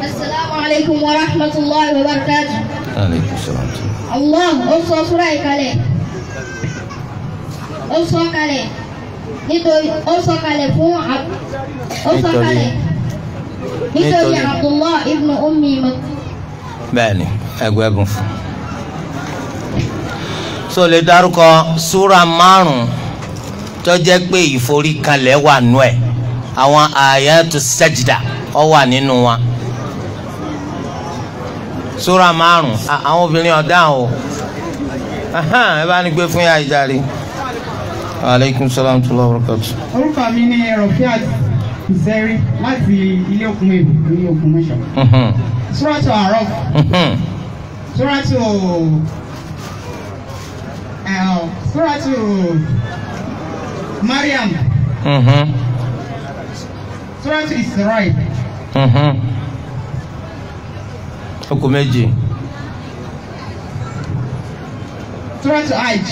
asalaamualeykum wa rahmatulahi wa barakatuh. aleykum salaam. allah ó sọ súra yìí kalẹ̀ ó sọ kalẹ̀ nítorí ó sọ kalẹ̀ fún ó sọ kalẹ̀ nítorí Abdullah ibn Ummi Maktum. bẹ́ẹ̀ni ẹgbẹgun fún so lè dárúkọ súra márùn tó jẹ́ pé ìforíkalẹ̀ wà nù ẹ̀ àwọn àyátù sẹ́jìdà ọ wà nínú wa súra márùn àwọn obìnrin ọ̀dá o ẹ bá ní gbé fún yàrá ìjà rí. aleykum salaam wa rahmatulah. orúkọ mi ni rọ̀fíà ìsẹ́rí láti ilé òkun èbò ní òkun mọ́ṣọ́. Súrọ́tò àárọ̀. Mhm. Súrọ́tò Súrọ́tò Mariam. Mhm. Súrọ́tò Ìsirọ́ì. Mhm. Okùn méjì. Súrọ́tò Hajj.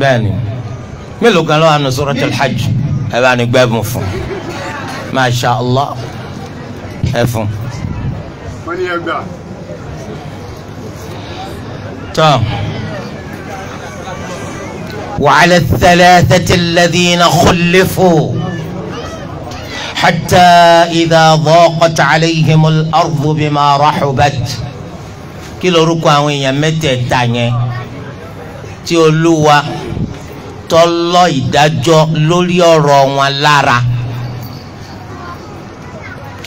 Bẹ́ẹ̀ni, mélòó kan ló wà nù Súrọ́tò Hajj? Ẹ bá ní gbẹ́bùn fún un masha allah ẹfun. wọ́n ní ẹgbà. tọ́ وعلى الثلاثة الذين خلفوا حتى إذا ضاقت عليهم الأرض بما رحبت kí lorúkọ àwọn èèyàn mẹ́tẹ̀ẹ̀ta yẹn tí Olúwa tó lọ ìdájọ́ lórí ọ̀rọ̀ wọn lára.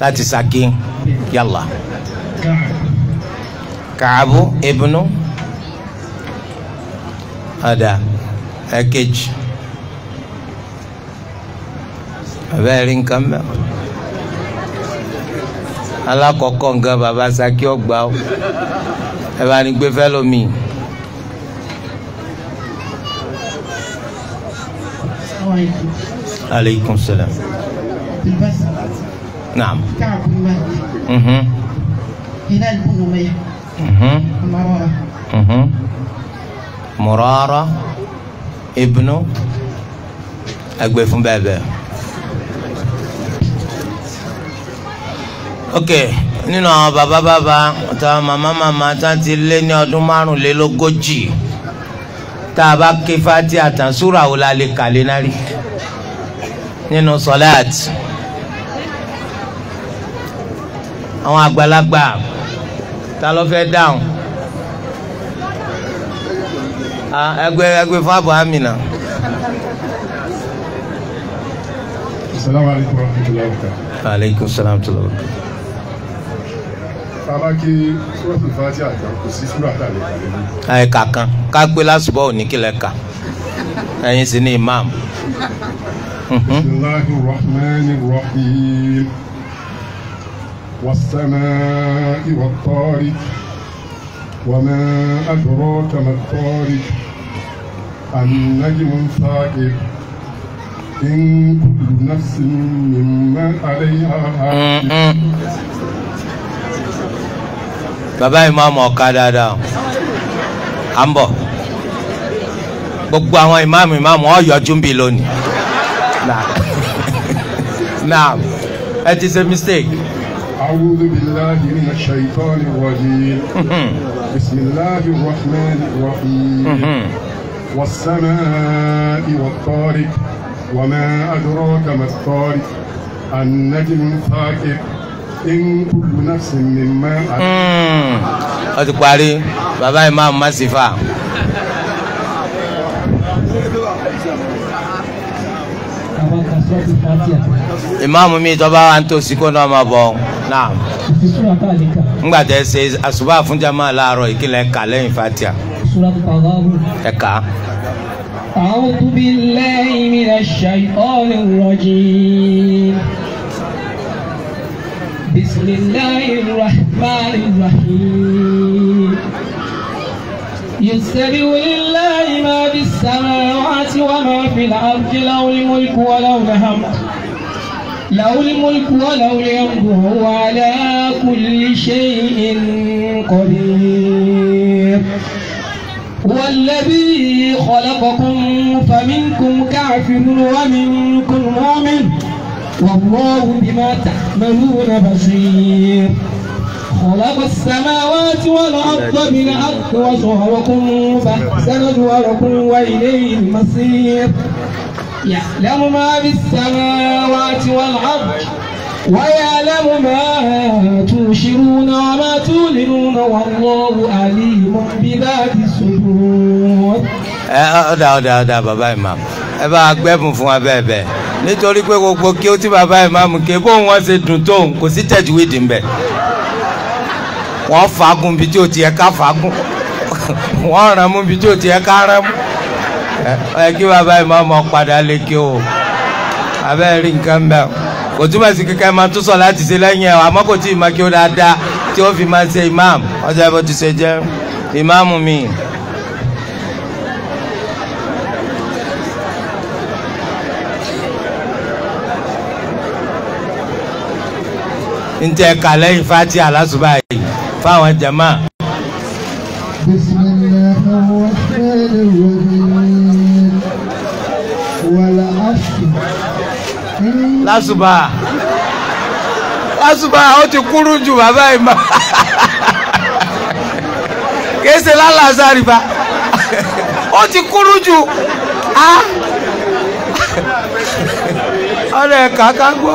láti Ṣakí yálà Kaabu ibnu ọ̀dà ẹ̀kejì abẹ́rẹ́ nǹkan mẹ́wàá alákọ̀ọ́kọ́ nǹkan bàbá Ṣakí ọgbà ó ẹ bá ní gbé fẹ́ lómi. aleykum salaam. نعم كعب بن مهدي اها هلال بن أمية اها مرارة اها مرارة ابن أقويف بابا okay nínú àwọn bàbá bàbá àtàwọn màmá màmá tá ti lé ní ọdún márùnlélógójì tá a bá ké fati àtànsúrà wò la lè kàlé náà àwọn àgbàlagbà ta ló fẹ́ dáhùn ẹgbẹ́ ẹgbẹ́ fún àbọ̀ àmìnà. aleykum salaam wa rahmatulahi bàbá kí sọ́ọ̀tù fàájì àgbà kò sí sùúrù àtàlẹ́ ìkàlẹ́. ẹ̀ka kan ká pé lásùbọ̀ òní kílẹ̀ kà ẹ̀yin sì ni imam. bismillahir rahmanir rahim. والسماء والطارق وما أدراك ما الطارق النجم الثاقب إن كل نفس مما عليها حافظ bàbá ìmáàmù ọ̀ka dáadáa à ń bọ̀ gbogbo àwọn ìmáàmù ìmáàmù ọ̀yọ́jú ń bi lónìí naam ẹ ti ṣe mistake. أعوذ بالله من الشيطان الرجيم بسم الله الرحمن الرحيم والسماء والطارق وما أدراك ما الطارق النجم الثاقب إن كل نفس مما ó ti parí bàbá imam masifa. ìmáàmù mi tó bá wà ń na. kó náà máa bọ̀ náà ńgbà tẹ ṣe àṣùbà fún jama láàárọ̀ ìkìlẹ̀ ẹ̀ka lẹ́yìn fatia ẹ̀ka. أعوذ بالله من الشيطان الرجيم بسم الله الرحمن الرحيم يسبح لله ما في السماوات وما في الأرض له الملك ولو لهم له الملك ولو الأمر هو على كل شيء قدير هو الذي خلقكم فمنكم كافر ومنكم مؤمن والله بما تعملون بصير خلق السماوات والأرض بالحق وصهركم فأحسن صوركم وإليه المصير يعلم ما في السماوات والأرض ويعلم ما تنشرون وما تعلنون والله عليم بذات الصدور ọ̀dà ọ̀dà ọ̀dà bàbá imam ẹ bá gbẹ́bùn fún wa bẹ́ẹ̀ bẹ́ẹ̀ nítorí pé gbogbo kí ó ti bàbá imam ké bóun wọ́n ṣe dùn tóun kò sí tẹ̀júwìdì ń wọ́n fagun bí tí o tiẹ̀ ká fagun wọ́n ràn mú bí tí o tiẹ̀ ká ràn mú ẹ kí bàbá yìí máa mọ padà lè kí o abẹ́ rí nǹkan bẹ́ẹ̀ kò túmọ̀ sí kíkẹ́ máa tún sọ láti ṣe lẹ́yìn ẹ̀ àmọ́ kò tí ì máa kí o dáadáa tí ó fi máa ṣe imam ọjọ́ ìbò ti ṣe jẹ́ imamu mi. ntẹ kàlẹ́ ìfá tí alásùbà yìí fáwọn jama. bisimilahi rahmani rahim wàlá asu. lásùbà lásùbà ó ti kúrú ju bàbá yìí mọ kìí ṣe lálàzárì bá ó ti kúrú ju ọ̀rẹ́ kàkà gbọ́.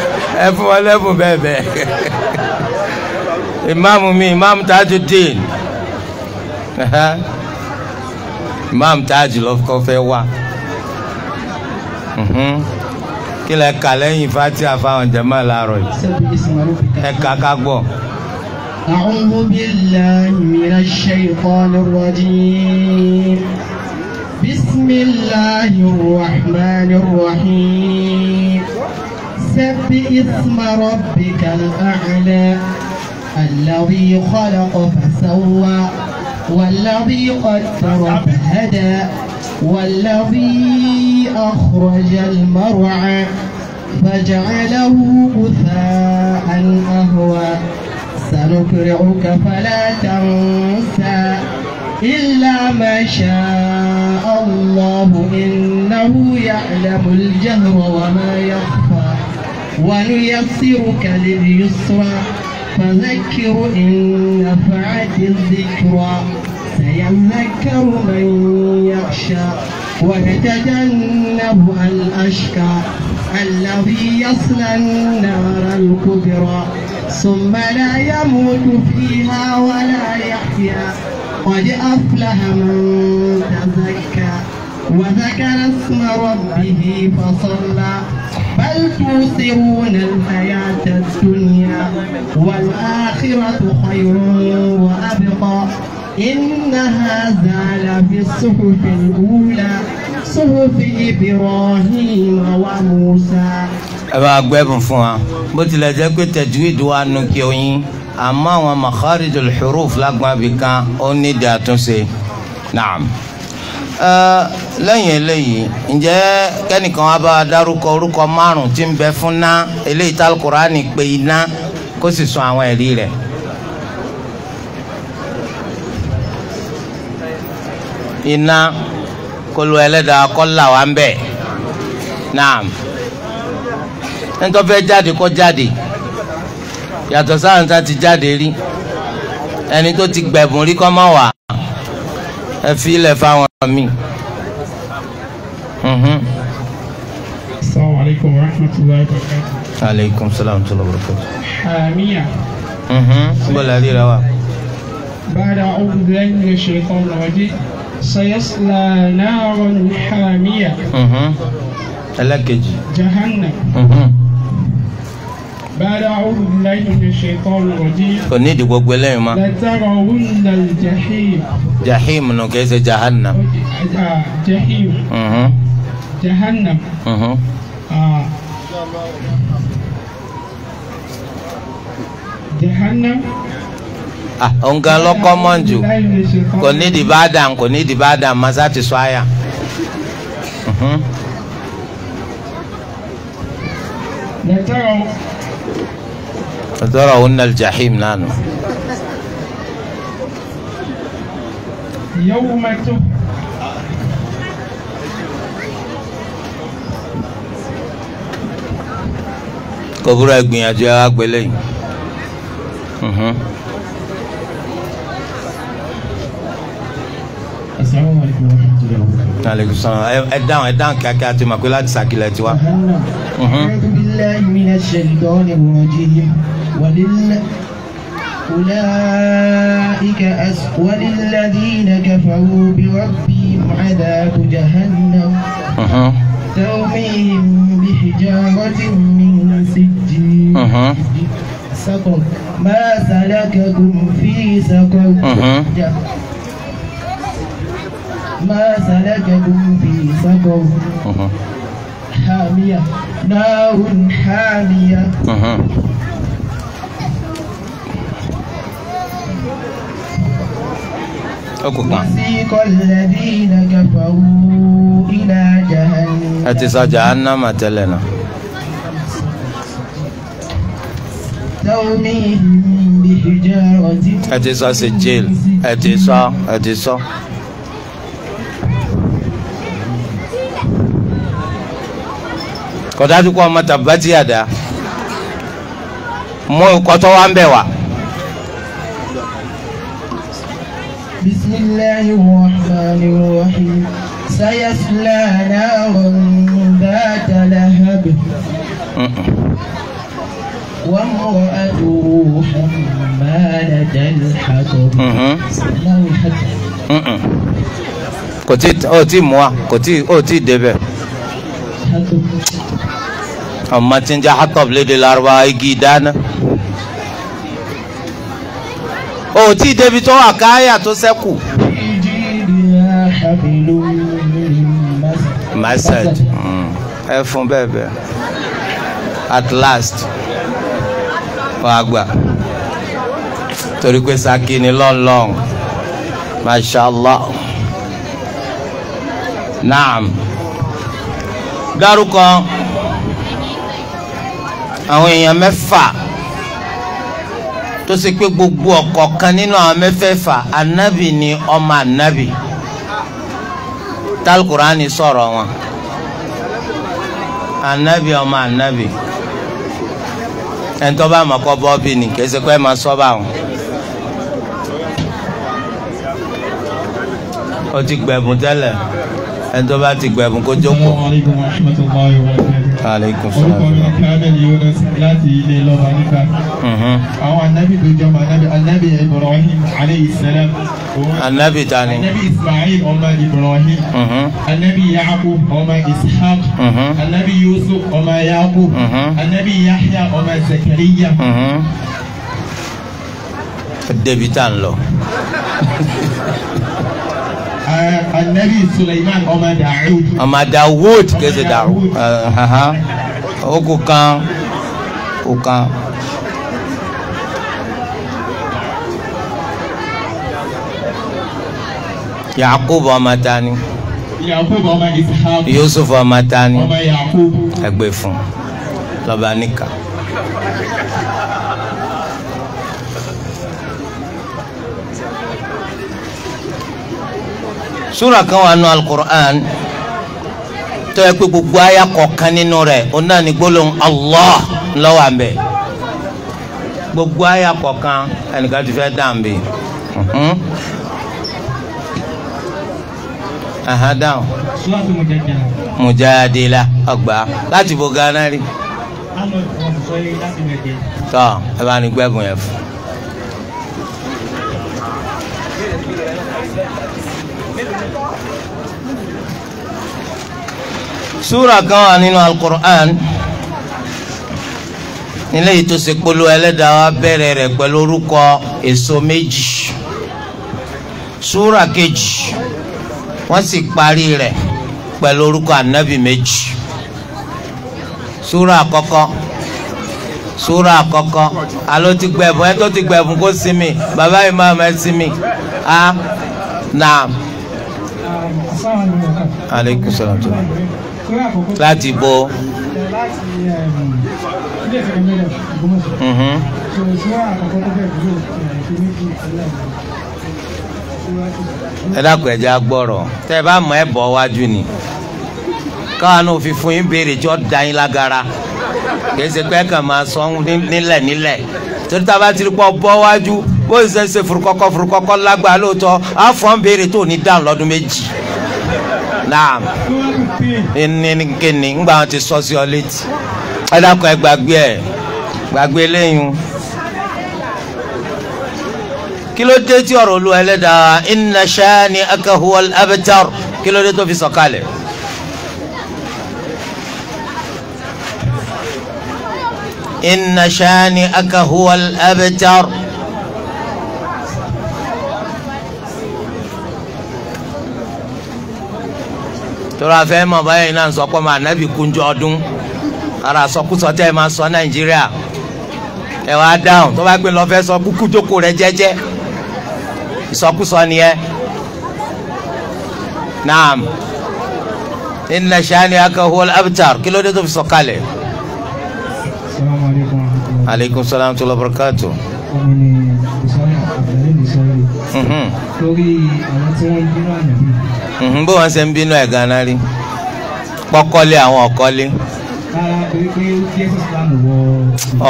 ẹ fún wọn lẹ́bùn bẹ́ẹ̀ bẹ́ẹ̀ ìmáàmù mi ìmáàmù Tajudeen ìmáàmù Imam lọ́kọ́ fẹ́ wá mhm. kí lẹ kà lẹ́yìn Fatiha fáwọn jàmá láàárọ̀ yìí ẹ kà ká gbọ́. أعوذ بالله من الشيطان الرجيم بسم الله الرحمن الرحيم سبح اسم ربك الأعلى الذي خلق فسوى والذي قدر فهدى والذي أخرج المرعى فجعله غثاء أهوى سنكرعك فلا تنسى إلا ما شاء الله إنه يعلم الجهر وما يخفى ونيسرك لليسرى فذكر إن نفعت الذكرى سيذكر من يخشى ويتجنبها الأشقى الذي يصلى النار الكبرى ثم لا يموت فيها ولا يحيا قد أفلح من تزكى وذكر اسم ربه فصلى بل توصرون الحياة الدنيا والآخرة خير وأبقى إن هذا لفي الصحف الأولى صحف إبراهيم وموسى ẹ bá gbẹ́bùn fún wa bó tilẹ̀ jẹ́ pé tajwid wa nù kí oyin àmọ́ àwọn makharijul huruf lágbọ́n abìkan ó ní ìdí àtúnṣe naam lẹ́yìn eléyìí ǹjẹ́ kẹ́nìkan á bá dárúkọ orúkọ márùn tí ń bẹ fún ná eléyìí tá alukurani pé iná kó sì sọ àwọn ẹ̀rí rẹ̀. iná kolu ẹlẹ́dàá kọ́là wa ń bẹ̀ naam ntọ́fẹ́ jáde kọ́ jáde yàtọ̀ sáà ta ti jáde rí ẹni tó ti gbẹ̀bùn rí kọ́ mọ́ wà ẹ fi ilẹ̀ fáwọn. امين السلام عليكم ورحمه الله وبركاته عليكم السلام ورحمه الله وبركاته حاميه اها بل هذه رواة. بعد اعوذ بالله من الشيطان الرجيم سيصلى نارا حاميه اها جهنم اها بعد أعوذ بالله من الشيطان الرجيم فنيدي وقولي ما لترون الجحيم جحيم نو كيس جهنم جحيم اها جهنم اها آه. jahannam. ah nǹkan ló kọ́mọ̀ jù kò ní di bá dàn kò ní di bá dàn masa ti sọ àyà. lẹ́tọ̀rọ̀ tọ́rọ̀ òun náà jahim nánu. يوم تب kọbúrò ìgbìyànjú ẹ wá gbélé yìí. Mhm. ẹ dáhùn ẹ dáhùn kíákíá tí mo pé láti ṣàkílẹ̀ tiwa. بالله من الشيطان الرجيم ولل أولئك أس وللذين كفروا بربهم عذاب جهنم أها ترميهم بحجارة من سجين أها سقر ما سلككم في سقر أها ما سلككم في سقر حامية نار حامية أها. وسيق الذين كفروا إلى جهنم أتسا جهنم تلنا توميهم بحجارة أتسا سجيل أتسا أتسا kọdájú kọ ọmọ tàbátì àdá mú kọtọ wa ń bẹ wa. bisimilahi rahmani rahim sayasla naaran daata lahab. وامرأته حمالة الحطب لو حطب kò tí ò mú wa kò tí ò débẹ̀. ọmọ tí ń jẹ́ hatọ́b lédè Lárúbáwá igi ìdáná ó tí ì débi tó wà káyà tó masad mm. ẹ fún bẹ́ẹ̀ at last wọ́n á gbà saki ni mashallah naam dárúkọ. àwọn èèyàn mẹ́fà tó ṣe pé gbogbo ọ̀kọ̀ọ̀kan nínú àwọn mẹ́fẹ̀ẹ̀fà anabi ni ọmọ anabi talukurani sọ̀rọ̀ wọn anabi ọmọ anabi ẹni tó bá mọ̀ kọ́ bọ́ọ̀bì ni kì í ṣe pé máa sọ́ bá wọn. ó ti gbẹ̀bùn tẹ́lẹ̀ ẹni tó bá ti gbẹ̀bùn kó jókòó aleykum salaam. orúkọ mi kamil yunus láti ilé lọ́ba nípa. Mhm. àwọn anabi tó jọmọ anabi anabi ibrahim aleyhi salam. anabi tani. anabi ismail ọmọ ibrahim. anabi mhm. yaakub ọmọ ishaq. anabi mhm. yusuf ọmọ yaakub. anabi yahya ọmọ zakariya. débi tá n lọ. anabi suleiman ọmọ daoud. ọmọ daoud kẹsì daoud ó kò kan kò kan. yakub ọmọ tani yakub ọmọ ishaq yusuf ọmọ tani ọmọ yakub ẹgbẹ fún lọba níkà. súrà kan wà nù alukur'an tó yẹ pé gbogbo àyà kọ̀ọ̀kan nínú rẹ̀ òun náà ní gbólóhùn allah lọ́wọ́ àmbẹ̀ gbogbo àyà kọ̀ọ̀kan ẹnìkan ti fẹ́ dàmbẹ̀ mhm. ahadaw mujadila ọgbà láti bo gánà rí. tọ́ ẹ bá ní gbẹ́gun yẹn fún. Sura kan wà nínú alukur'an nílẹ̀ yìí tó ṣe polo ẹlẹ́dàá wa bẹ̀rẹ̀ rẹ̀ pẹ̀lú orúkọ èso méjì súra kejì wọ́n sì parí rẹ̀ pẹ̀lú orúkọ ànábì méjì súra àkọ́kọ́ súra àkọ́kọ́ alo ti gbẹ̀bùn ẹ tó ti gbẹ̀bùn kó sinmi bàbá yìí máa ma sinmi a na, aleykum salaam láti bo. Mhm. ẹ dákun ẹ jẹ́ agbọ́rọ̀ tẹ́ ẹ bá mọ̀ ẹ bọ̀ wájú ni káwọn náà fi fún yín béèrè tí ó da yín lágara kì í ṣe pé kàn máa sọ nílẹ̀ nílẹ̀ torí tá a bá ti rí pọ̀ bọ́ wájú bó ṣe ṣe furukọ́kọ́ furukọ́kọ́ lágbàá lóòótọ́ àfọ̀n béèrè tó ní dáhùn lọ́dún méjì naam ìnìkìnì ńgbà wọn ti sọ sí ọ létí ẹ dákun ẹ gbàgbé ẹ gbàgbé lẹ́yìn kí ló tí ọ̀rọ̀ Olúwa Ẹlẹ́dàá inna shani'aka huwal abtar kí ló dé tó fi sọ̀kalẹ̀. inna shani'aka huwal abtar. tọ́lá fẹ́ mọ̀ báyìí iná sọ́kọ́ máa nábì kúnjọ ọdún ara sọkúsọ tẹ́ ẹ máa sọ nàìjíríà ẹ wá dáhùn tó bá gbé lọ fẹ́ sọ kúkú jókòó rẹ jẹ́jẹ́ ìsọkúsọ nìyẹn naam inna shani aka huwal abtar kí ló dé tó fi sọ kalẹ̀. aleykum salaam tó lọ barakatu. lórí àwọn tí wọ́n ń bínú àyàn bíi. Mhm, bó wọn ṣe ń bínú ẹ̀ gan-an rí pọ́kọ́lé àwọn ọ̀kọ́lé.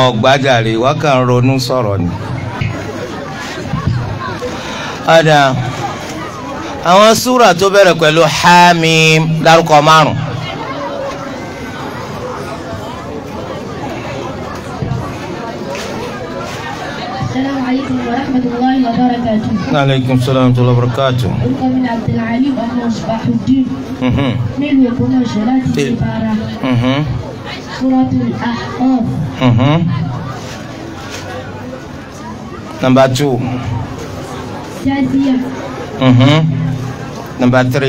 ọ̀gbájàre wọ́n ń ronú sọ̀rọ̀ ni. àwọn súrà tó bẹ̀rẹ̀ pẹ̀lú dárúkọ márùn warahmatullahi wabarakatuh. Waalaikumsalam warahmatullahi wabarakatuh. Ummin Abdul Alim Ahmad Subahuddin. Mhm. Mhm. Suratul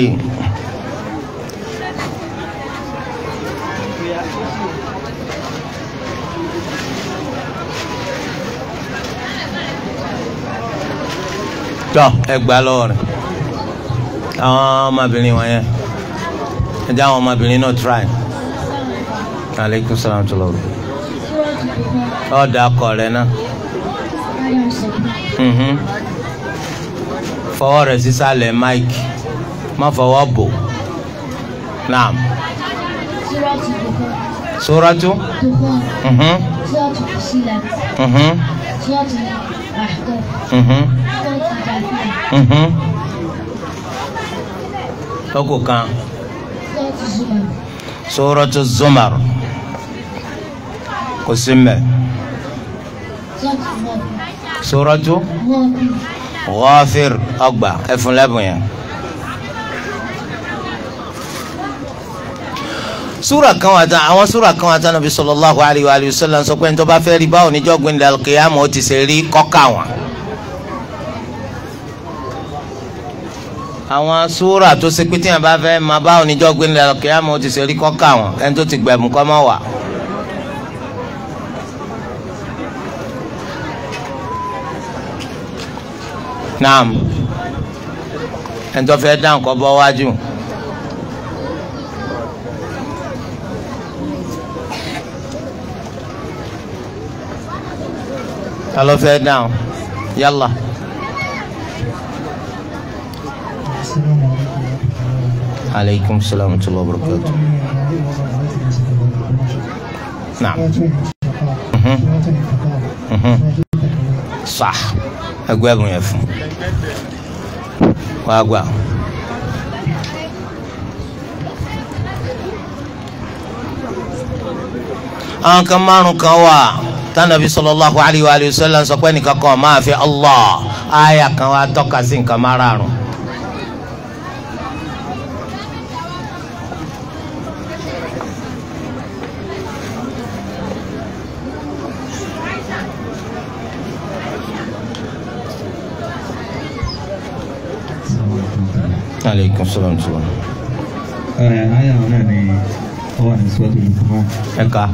2. tọ ẹ gbà lọ́wọ́ rẹ̀ àwọn ọmọbìnrin wọn yẹn ẹ jẹ́ àwọn ọmọbìnrin náà try aleykum salaam tó lọ rẹ ọdọ akọ rẹ náà mhm. fọwọ́ rẹ̀ sísàlẹ̀ mike má fọwọ́ bò naam suratu mhm. Mhm. suratu fusila suratu ahqaf ọkọ mm-hmm. kan Suratu Zumar kò sí mbẹ Suratu Ghafir ọgbà ẹfun lẹbùn yẹn. súrà kan wà tán àwọn sura kan wà tán nàbí sallallahu alayhi wa sallam sọ pé ní tó bá fẹ́ rí báwo níjọ́ gbẹ̀ndàlùkìyàmù ó ti ṣe rí kọ́ka wọn. àwọn súrà tó ṣe pé tí wọn bá fẹ́ máa bá oníjọ́ gbé ní ẹ̀rọ kíá mo ti ṣe rí kọ́ka wọn ẹni tó ti gbẹ̀mú kọ́ mọ́ wà. naam ẹni tó fẹ́ dá nǹkan bọ́ wájú. ta ló fẹ́ dáhùn aleykum salaam ورحمة الله وبركاته. نعم. sah ẹgbẹ́ صح. yẹn يفهم. wàá gbà. àwọn kan márùn kan wà tánàbí sallallahu alayhi wa sallam sọ pé nìkan kan máa fi Allah àyà kan wà tọ́ka sí nǹkan márùn. عليكم السلام ورحمة الله. آية أنا هو نسوة الجمعة.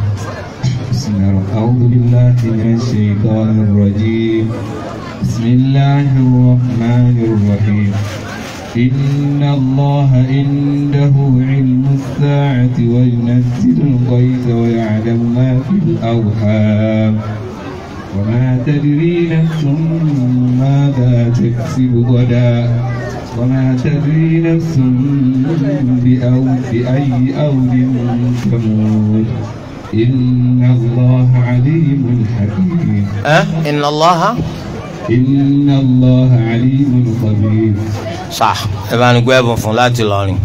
بسم الله أعوذ بالله من الشيطان الرجيم. بسم الله الرحمن الرحيم. إن الله عنده علم الساعة وينزل الغيث ويعلم ما في الأوهام وما تدري نفس ماذا تكسب غدا وما تدري نفس بأو بأي أود تموت إن الله عليم حكيم أه إن الله إن الله عليم خبير صح إبان قوي بفن لا تلاني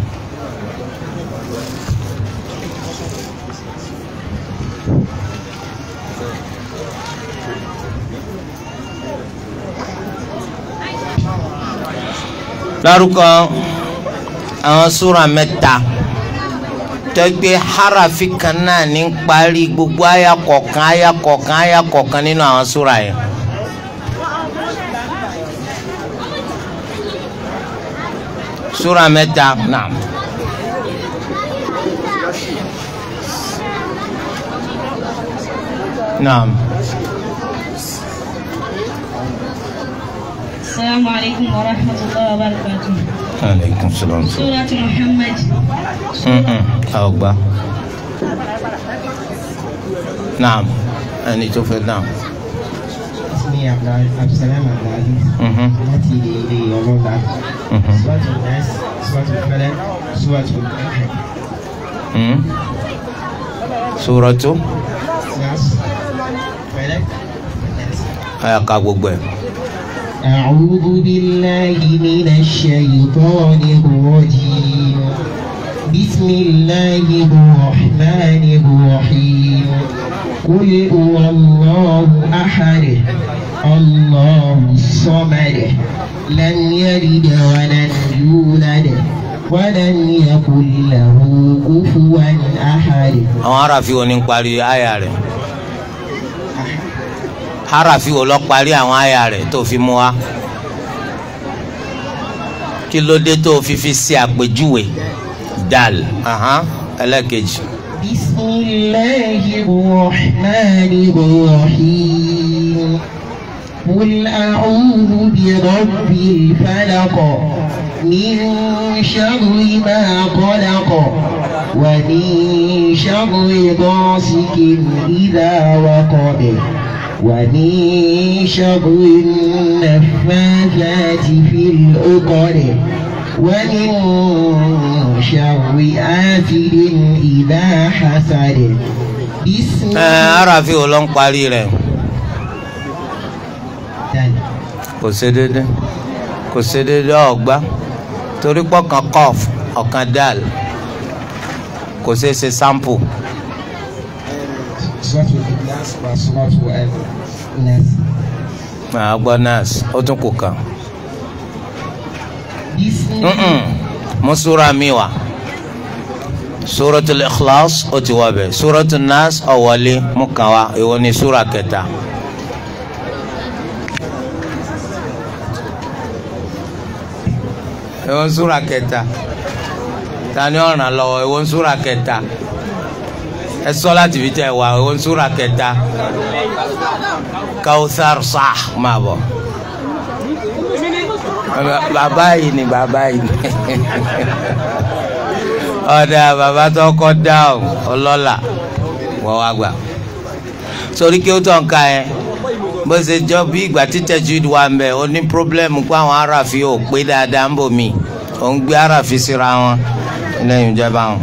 lárúkọ àwọn sura mẹ́ta tọ́gbé harafi kan náà ní parí gbogbo àyà kọ̀ọ̀kan àyà kọ̀ọ̀kan àyà kọ̀ọ̀kan nínú àwọn súra yẹn. súra mẹ́ta náà. Naam. Naam. السلام عليكم ورحمة الله وبركاته عليكم السلام سورة محمد أوبا نعم أنا توفي نعم اسمي عبد عبد السلام عبد العزيز التي لأولاد سورة الناس سورة الفلك سورة الأحد سورة الناس فلك أيا كابوبوي أعوذ بالله من الشيطان الرجيم بسم الله الرحمن الرحيم قل هو الله أحد الله الصمد لم يلد ولم يولد ولم يكن له كفوا أحد àwọn aráàfin wọn أنا ń parí àyà harafi wo lọ parí àwọn àyà rẹ̀ tó fi mú wa kí ló dé tó fi fi ṣe àpèjúwe dal ẹlẹ́kejì. bisimilahi rahmani rahim qul a'udhu bi rabbil falaq min sharri ma khalaq wa min sharri ghasikin idha ومن شر النفاثات في العقد ومن شر آسد إذا حسد بسم أعرفي ولن قليلا kò ṣe déédéé kò ṣe déédéé ọgbà torí pọkàn cough ọkàn dal kò ṣe é ṣe sample was not whoever nurse. màá ah, gbọ́ nurse ó tún kò kàn. mo súra mi wá suratul ikhlas ó ti wọ bẹ́ẹ̀ suratul nas ọ̀wọ́lé mú kàn wá èwo ni súra kẹta. èwo ń súra kẹta ta ni ọ̀ràn lọ́wọ́ èwo ń kẹta ẹ sọ láti fi tẹ wà ó ń súra kẹta Kawthar sah máa bọ̀ bàbá yìí ni bàbá yìí ni ọ̀dà bàbá tó kọ́ dáhùn ọlọ́lá wọ́n wá gbà sórí kí ó tàn ká yẹn bó ṣe jọ bí ìgbà títẹ̀ ju ìdùwà ń bẹ̀ ó ní pírọ́blẹ́mù pé àwọn aráàfin ò pé dáadáa ń bò mí òun gbé aráàfin síra wọn lẹ́yìn ìjọba wọn.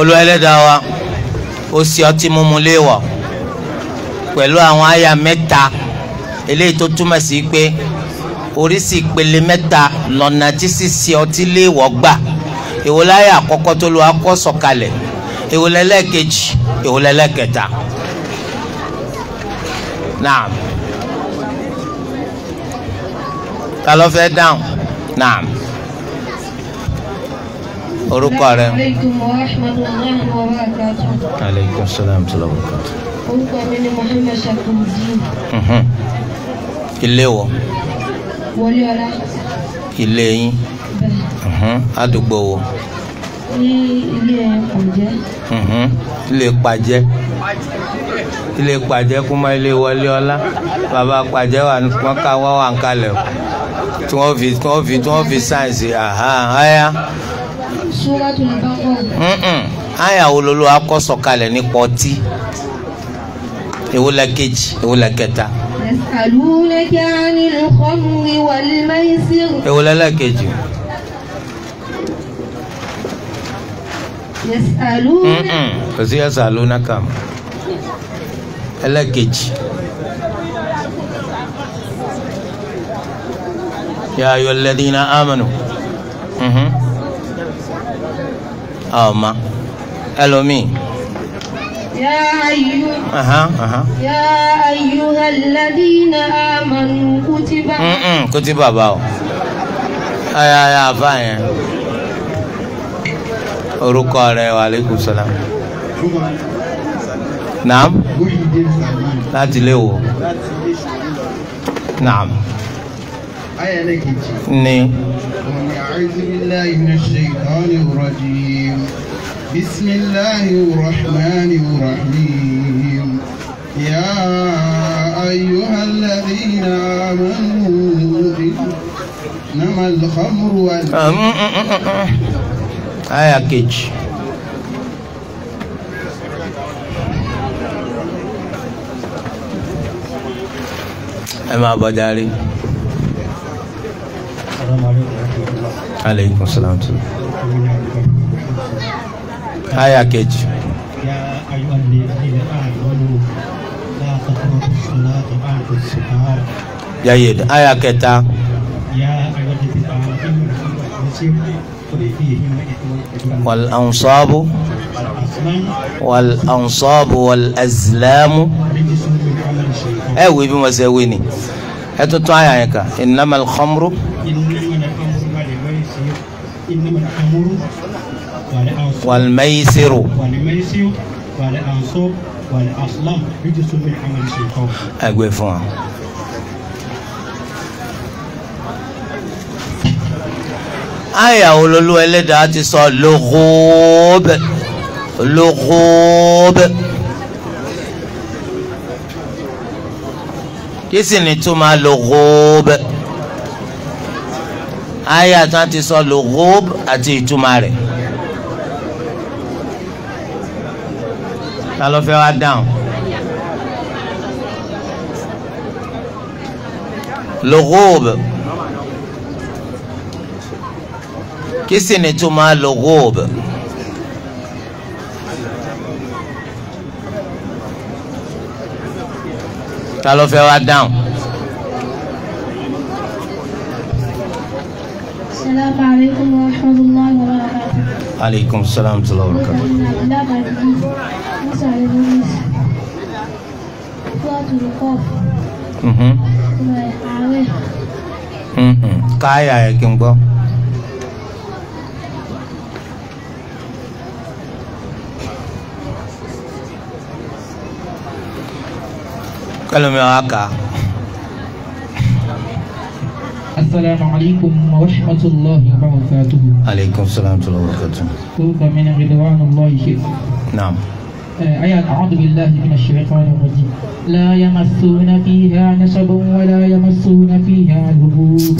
olúwa ẹlẹ́dàá wa ó sì ọtí mímu léèwọ̀ pẹ̀lú àwọn àyà mẹ́ta eléyìí tó túmọ̀ sí pé oríṣi ìpele mẹ́ta lọ́nà tí sísè ọtí léèwọ̀ gbà èwo àkọ́kọ́ tó lu akọ́ sọ̀kalẹ̀ èwo lẹ́lẹ́kejì èwo ta ló fẹ́ dáhùn naam orúkọ rẹ. aleykum salaam tí lọ́wọ́ kan. orúkọ mi ni Muhammad Shakurudin. Mhm. ilé wọ. wọlé ọlá. ilé yín. Mhm. àdúgbò wo. ní ilé pàjẹ́. Mhm. ilé pàjẹ́ ilé pàjẹ́ kó má ilé wọlé ọlá bàbá pàjẹ́ wà wọn ká wá wà ń kalẹ̀ tí wọ́n fi tí wọ́n fi sáyẹ̀nsì àhán ẹ̀yà. Suratul Baqarah. àyà olólù akọ sọ̀kalẹ̀ nípa ọtí èwo la kejì èwo la kẹta. yas'alunaka 'anil khamri wal maisir. èwo la la kejì. yas'alunaka. kò sí yas'alunaka mọ́ ẹlẹ́kejì. يا أيها الذين آمنوا ọmọ ah, ẹlòmíì. يا أيها أها أها يا أيها الذين آمنوا kutiba. أمم كتب باو أي أي أفاين orúkọ rẹ̀ wa aleykum salaam naam láti ilé wo naam ni. ni. بسم الله الرحمن الرحيم يا أيها الذين آمنوا إنما الخمر والميسر أما أبدا علي السلام عليكم عليكم السلام عليكم aya kejì. جيد آية كتا والأنصاب والأنصاب والأزلام أوي بما سويني هاتوا تعالى هيك إنما الخمر إنما الخمر wàlmẹ́yìsirò ẹgbẹ́ fún wa. àyà olólù ẹlẹ́dàá ti sọ lóhóòbẹ̀ lóhóòbẹ̀ kí sì ni tó máa lóhóòbẹ̀ àyà tán ti sọ lóhóòbẹ̀ àti ìtumọ̀ rẹ̀. ta ló fẹ́ wá dáhùn. lugub kí sì ni túmọ̀ lugub. ta ló fẹ́ wá dáhùn. Assalamu alaikum wa rahmatullahi wa barakatuh. Alaikum salaam wa rahmatullahi wa barakatuh. على السلام عليكم ورحمة الله وبركاته. عليكم السلام ورحمة الله وبركاته. من الله شيخ. نعم. آية أعوذ بالله من الشيطان الرجيم لا يمسون فيها نصب ولا يمسون فيها لغوب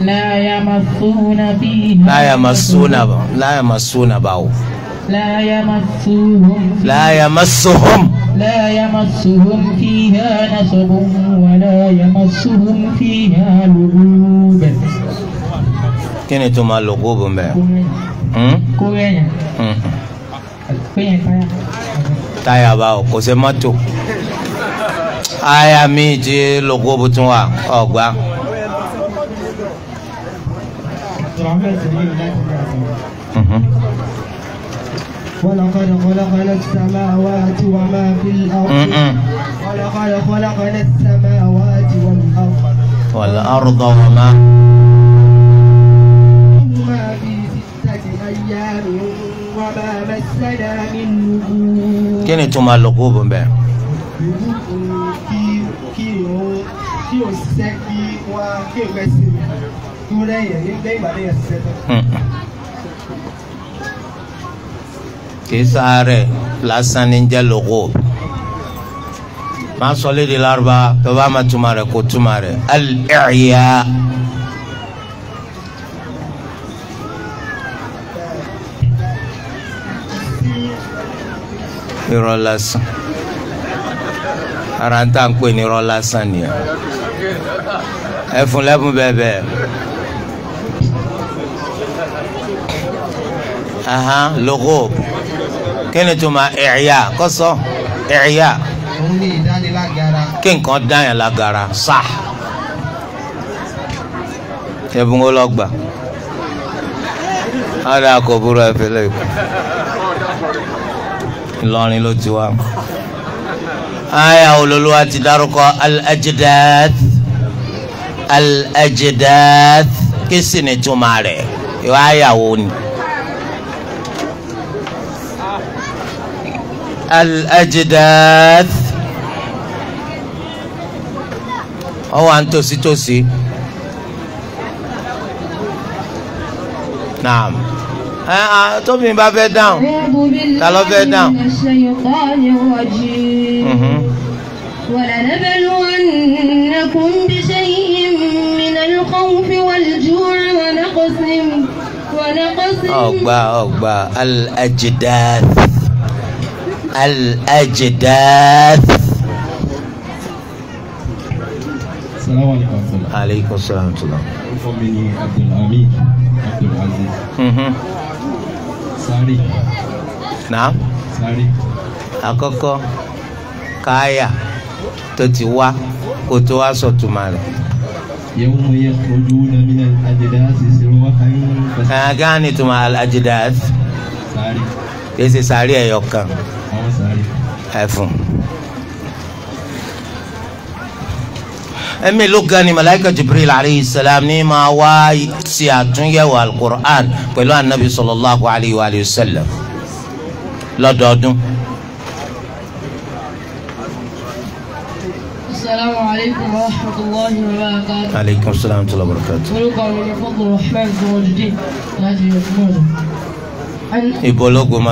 لا يمسون فيها لا يمسون لا يمسون باو لا يمسهم لا يمسهم لا يمسهم فيها نصب ولا يمسهم فيها لغوب كنتم لغوب مبا كوين táyà bá o kò ṣe mọ́tò aya mi ti lóko butun wa ọgbà. ولقد خلقنا السماوات وما في الأرض ولقد خلقنا السماوات والأرض والأرض وما kí ni tó máa lọ kó bọ̀ bẹ́ẹ̀. kí o ṣiṣẹ́ kí wá kí o kì í sáré lásán ní jẹ́ lóko máa sọ lédè lárúbá tó bá máa túmọ̀ rẹ̀ kó túmọ̀ rẹ̀ al irọ́ lásán ara ń tà ń pè ní irọ́ lásán nìyẹn ẹ fún lẹ́bùn bẹ́ẹ̀ bẹ́ẹ̀. ahan lóko kí ni tó máa ẹ̀yà kọ́sọ́ ẹ̀yà kí nǹkan dáyàn lágara sáà ẹ̀bùn ó lọ gbà burú ẹ̀ fẹ́lẹ́ kù. Ìlọrin ló ti wá. aya olólùwà ti dárúkọ al-ajdath al-ajdath kí sì ni túmọ̀ rẹ̀ ìwà ayàwó ni. al ọ wà ń tòsítòsí. naam. tóbìnrin bá fẹ́ dáhùn ta ló fẹ́ dáhùn. ولنبلونكم بشيء من الخوف والجوع ونقص ونقص ọgbà ọgbà al-ajdath al-ajdath. السلام عليكم ورحمة الله. عليكم السلام ورحمة الله. orúkọ mi ni Abdulhamid Abdulaziz. sáré. náà sáré. àkọ́kọ́ káyà tó ti wá kó tó wá sọ̀tùmọ̀ rẹ̀. yẹ́wò mo yẹ ojú lamina ajidaasi sẹ́wọ́n wá káyọ̀ wọn. ẹ̀ ẹ́ gán ni tuma ajidaasi. sáré. kí sáré ẹ̀yọ̀ kan. àwọn sáré. ẹ̀fọn. ẹ̀mí ló gan ni malayika jibril alayhi salam ní máa wá ṣe àtúnyẹ̀wò alukur'an pẹ̀lú anabi sallallahu alayhi wa sallam lọ́dọọdún. السلام عليكم ورحمة الله وبركاته. عليكم السلام ورحمة الله وبركاته. ولكم من فضل الرحمن المجدين هذه الأمور. Ìbọ̀lọ́gbọ̀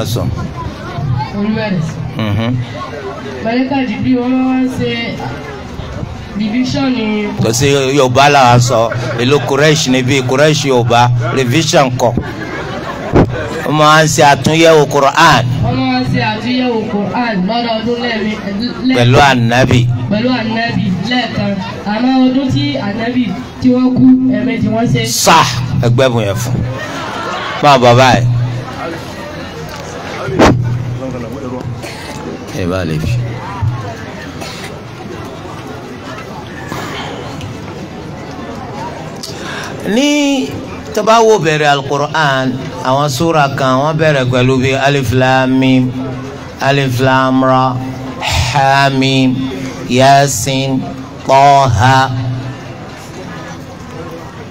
Jibril wọ́n máa ń ṣe revision ni. kò sí yorùbá là wá sọ ìlú kuresh níbí kuresh yorùbá revision kọ wọ́n máa ń ṣe àtúnyẹ̀wò quran. wọ́n máa ń ṣe àtúnyẹ̀wò quran lọ́dọ̀ ọdún lẹ́ẹ̀mí. pẹ̀lú ànábì. pẹ̀lú ànábì lẹ́ẹ̀kan àmọ́ ọdún tí ànábì tí wọ́n kú ẹ̀ẹ̀mejì wọ́n ṣe. sá ẹgbẹ́ bùn yẹn fún máa bọ̀ báyìí. ẹ bá lè fi. ní tabawo bẹ̀rẹ̀ alukur'an àwọn sura kan wọ́n bẹ̀rẹ̀ pẹ̀lú bíi alifilami alifilamra hamim yasin tọ́ha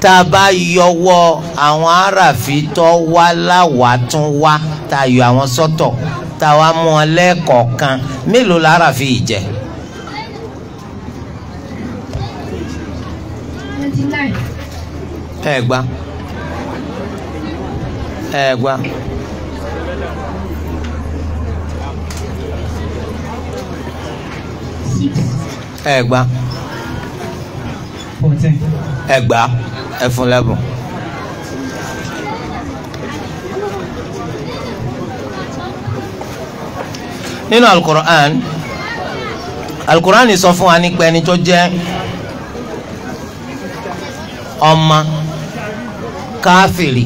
tá a bá yọwọ́ àwọn aráàfi tó wá láwàtún wá tá a yọ àwọn sọ́tọ̀ tá a mú ọ lẹ́ẹ̀kọ̀ọ̀kan mélòó la yìí jẹ́ ẹ gbà ẹ gbà. ẹ gbà ẹ gbà ẹ fún lẹ́bùn. nínú alukur'an alukur'an sọ fún wa nípa ẹni tó jẹ́ ọmọ káfìrì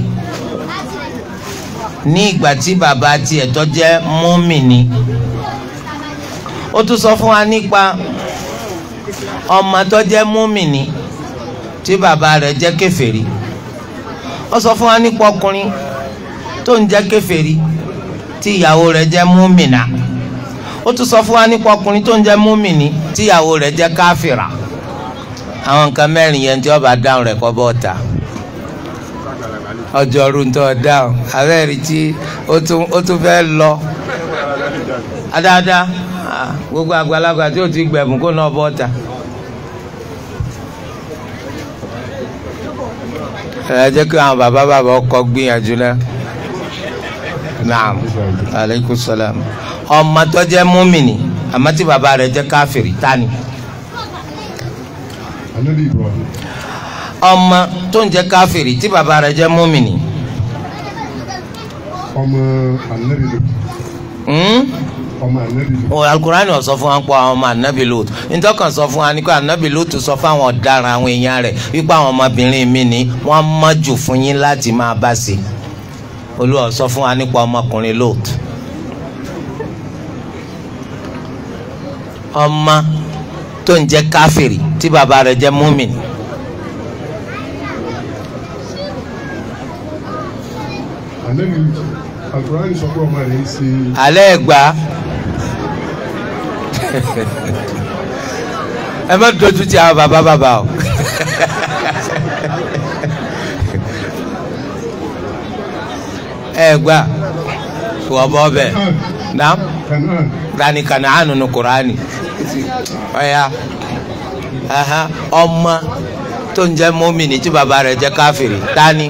ní ìgbà tí bàbá tiẹ̀ tó jẹ́ mùmínì ó tún sọ fún wa nípa ọmọ tó jẹ́ mùmínì tí bàbá rẹ̀ jẹ́ kèfèrí ó sọ fún wa nípa ọkùnrin tó ń jẹ́ kèfèrí tí ìyàwó rẹ̀ jẹ́ mùmínà ó tún sọ fún wa nípa ọkùnrin tó ń jẹ́ mùmínì tí ìyàwó rẹ̀ jẹ́ káfìrà àwọn nǹkan mẹ́rin yẹn tí wọ́n dáhùn rẹ̀ kọ́ bọ́ọ̀ta. ọjọ́rú ń tọ́ dáhùn abẹ́rẹ́ tí ó tún fẹ́ lọ. adáadáa ah, ah, gbogbo àgbàlagbà tí ó ti gbẹ̀bùn kó náà bọ́ ta. ẹ jẹ́ kí àwọn bàbá bàbá ọkọ gbìyànjú náà. naam aleykum salaam ọmọ tó jẹ́ múmìnì àmọ́ tí bàbá rẹ̀ jẹ́ káfìrí tani. ọmọ tó ń jẹ́ káfìrí tí bàbá rẹ̀ jẹ́ múmìnì. ọmọ anabi lò. Hmm? ọmọ o alukurani ó sọ fún wa ń pọ̀ àwọn ọmọ anabi lò ntọ́kàn sọ fún wa ni pé anabi lò tó sọ fún àwọn ọ̀daràn àwọn èèyàn rẹ̀ wípé àwọn ọmọbìnrin mi ni wọ́n mọ̀ jù fún yín láti máa bá sí i olúwa sọ fún wa nípa ọmọkùnrin lò. ọmọ tó ń jẹ́ káfìrí tí bàbá rẹ̀ jẹ́ múmìnì. alẹ́ gba ẹ má dojú ti àwọn bàbá bàbá o. ẹ gbà wọ bọ bẹ naam dani kanaan nu kurani ọya ọmọ tó ń jẹ mọmìnì tí bàbá rẹ̀ jẹ káfìrí tani.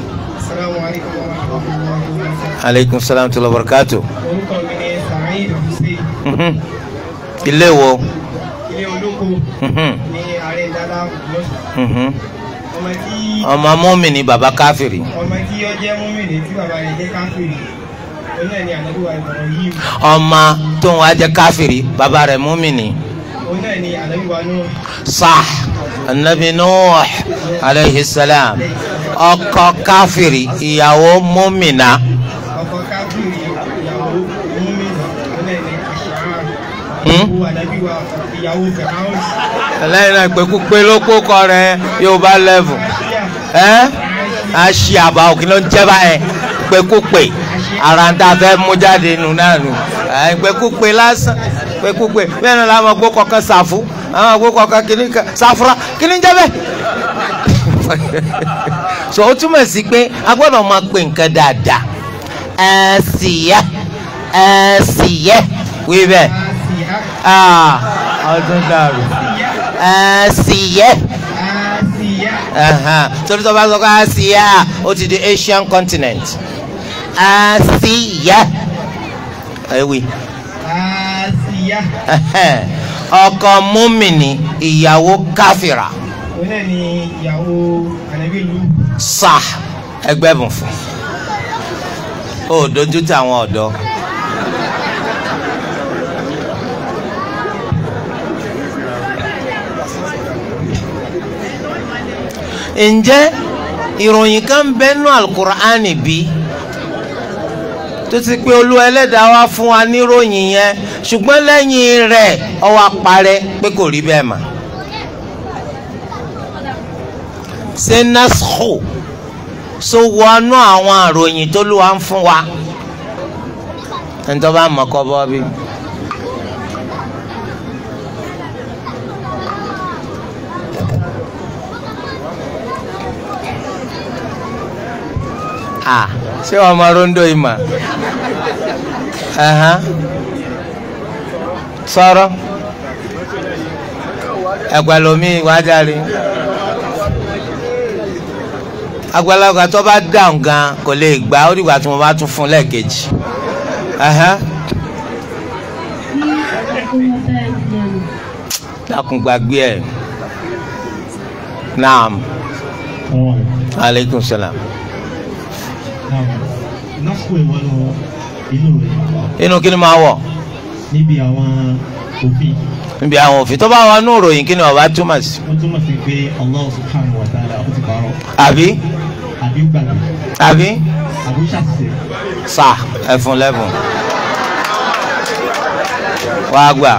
aleykum salaam tó lọ orúkọ mi ni Saheed Hussein. ilé wo. ilé olóko. Mhm. ní arendala lọ́sùn. Mhm. ọmọ ọmọ mọ́mì ni bàbá káfìrí. ọmọ tí ó jẹ́ mọ́mì ni tí bàbá rẹ̀ jẹ́ káfìrí ọmọ tó ń wá jẹ́ káfìrí bàbá rẹ̀ mùmínì. sah anabi nuh alayhi salam ọkọ káfìrí ìyàwó mùmínà. Hmm? lẹ́yìn náà ìpèkúpé ló kó kọ level ẹ́ a ṣe àbá òkè ló ń jẹ́ báyẹn ìpèkúpé ara ń ta fẹ́ mú jáde nù náà nù ìpèkúpé lásán ìpèkúpé bẹ́ẹ̀ náà làwọn gbó kọ̀ọ̀kan ṣàfù àwọn gbó kọ̀ọ̀kan kìíní kan ṣàfùrà kìíní jẹ́ bẹ́ẹ̀ so ó túmọ̀ sí pé a gbọ́dọ̀ máa pè nǹkan dáadáa ẹ̀ sì yẹ ẹ̀ sì Ah, ọdún dàrú àsìyẹ́ torí tó bá sọ pé àsìyá ah, ah, ó to the Asian continent àsìyá ah, ewì ọkọ múmìnì ìyàwó káfìrà sà ẹgbẹ́ bùn fún O dojú tí àwọn ọ̀dọ́. ǹjẹ́ ìròyìn kan bẹ́nu alukur'ani bí tó ti pé olúwa ẹlẹ́dàá wá fún wa níròyìn yẹn ṣùgbọ́n lẹ́yìn rẹ̀ ó parẹ́ pé kò rí bẹ́ẹ̀ mà. ṣé nasco so wọnú àwọn àròyìn tó lù wá ń fún wa ẹni tó bá mọ̀ kọ́ bọ́ bí. Ah. ṣé wàá máa rondo yìí mà sọ̀rọ̀ ẹgbẹ̀lómi wájàre àgbàlagbà gan kò le gba ó tí mo bá tún fún lẹ́ẹ̀kejì. dákun gbàgbé ẹ̀ naam aleykum salaam. násìkò ìwọ lọ inú rẹ. inú kí ni máa wọ. níbi àwọn òfin. níbi àwọn òfin tó bá wà nú ìròyìn kí ni ọba túmọ̀ sí. ó túmọ̀ sí pé Allah subhanahu wa ta'ala ó ti parọ́. àbí. àbí gbàgbé. àbí. àbí ṣàṣìṣe. sà ẹfun lẹ́bùn. wàá gbà.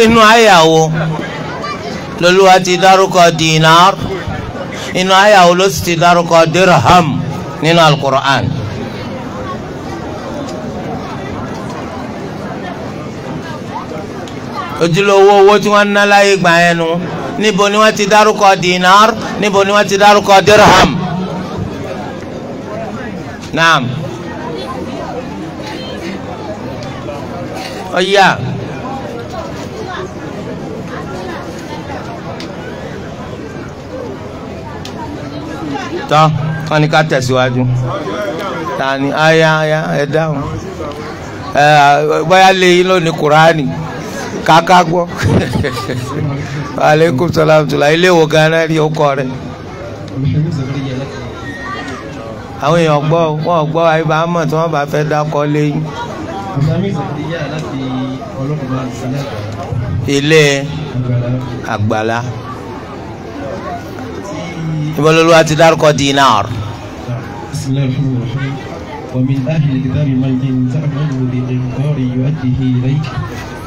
inú àyàwó lọ́lúwa ti dárúkọ dinar inú àyàwó ló sì ti dárúkọ dirham nínú alukur'an. ojúlówó owó tí wọ́n ń ná láyé gbà yẹn nu níbo ni wọ́n ti dárúkọ dinar níbo ni wọ́n ti dárúkọ dirham. naam. Oh, yeah. tán wọn ni ká tẹ̀síwájú tani aya aya ẹ dáhùn ẹ bóyá lẹ́yìn lónìí kuraani kàkà gbọ́ aleykum salaam tula ilé wo gánà rí o kọ rẹ àwọn èèyàn gbọ́ wọn gbọ́ àyíbá mọ̀ tí wọ́n bá fẹ́ dákọ́ lẹ́yìn. ilé àgbàlá ìbọ̀lọ́lọ́ àti dárúkọ dinar. ومن أهل الكتاب من إن تعمله بقنطار يؤديه إليك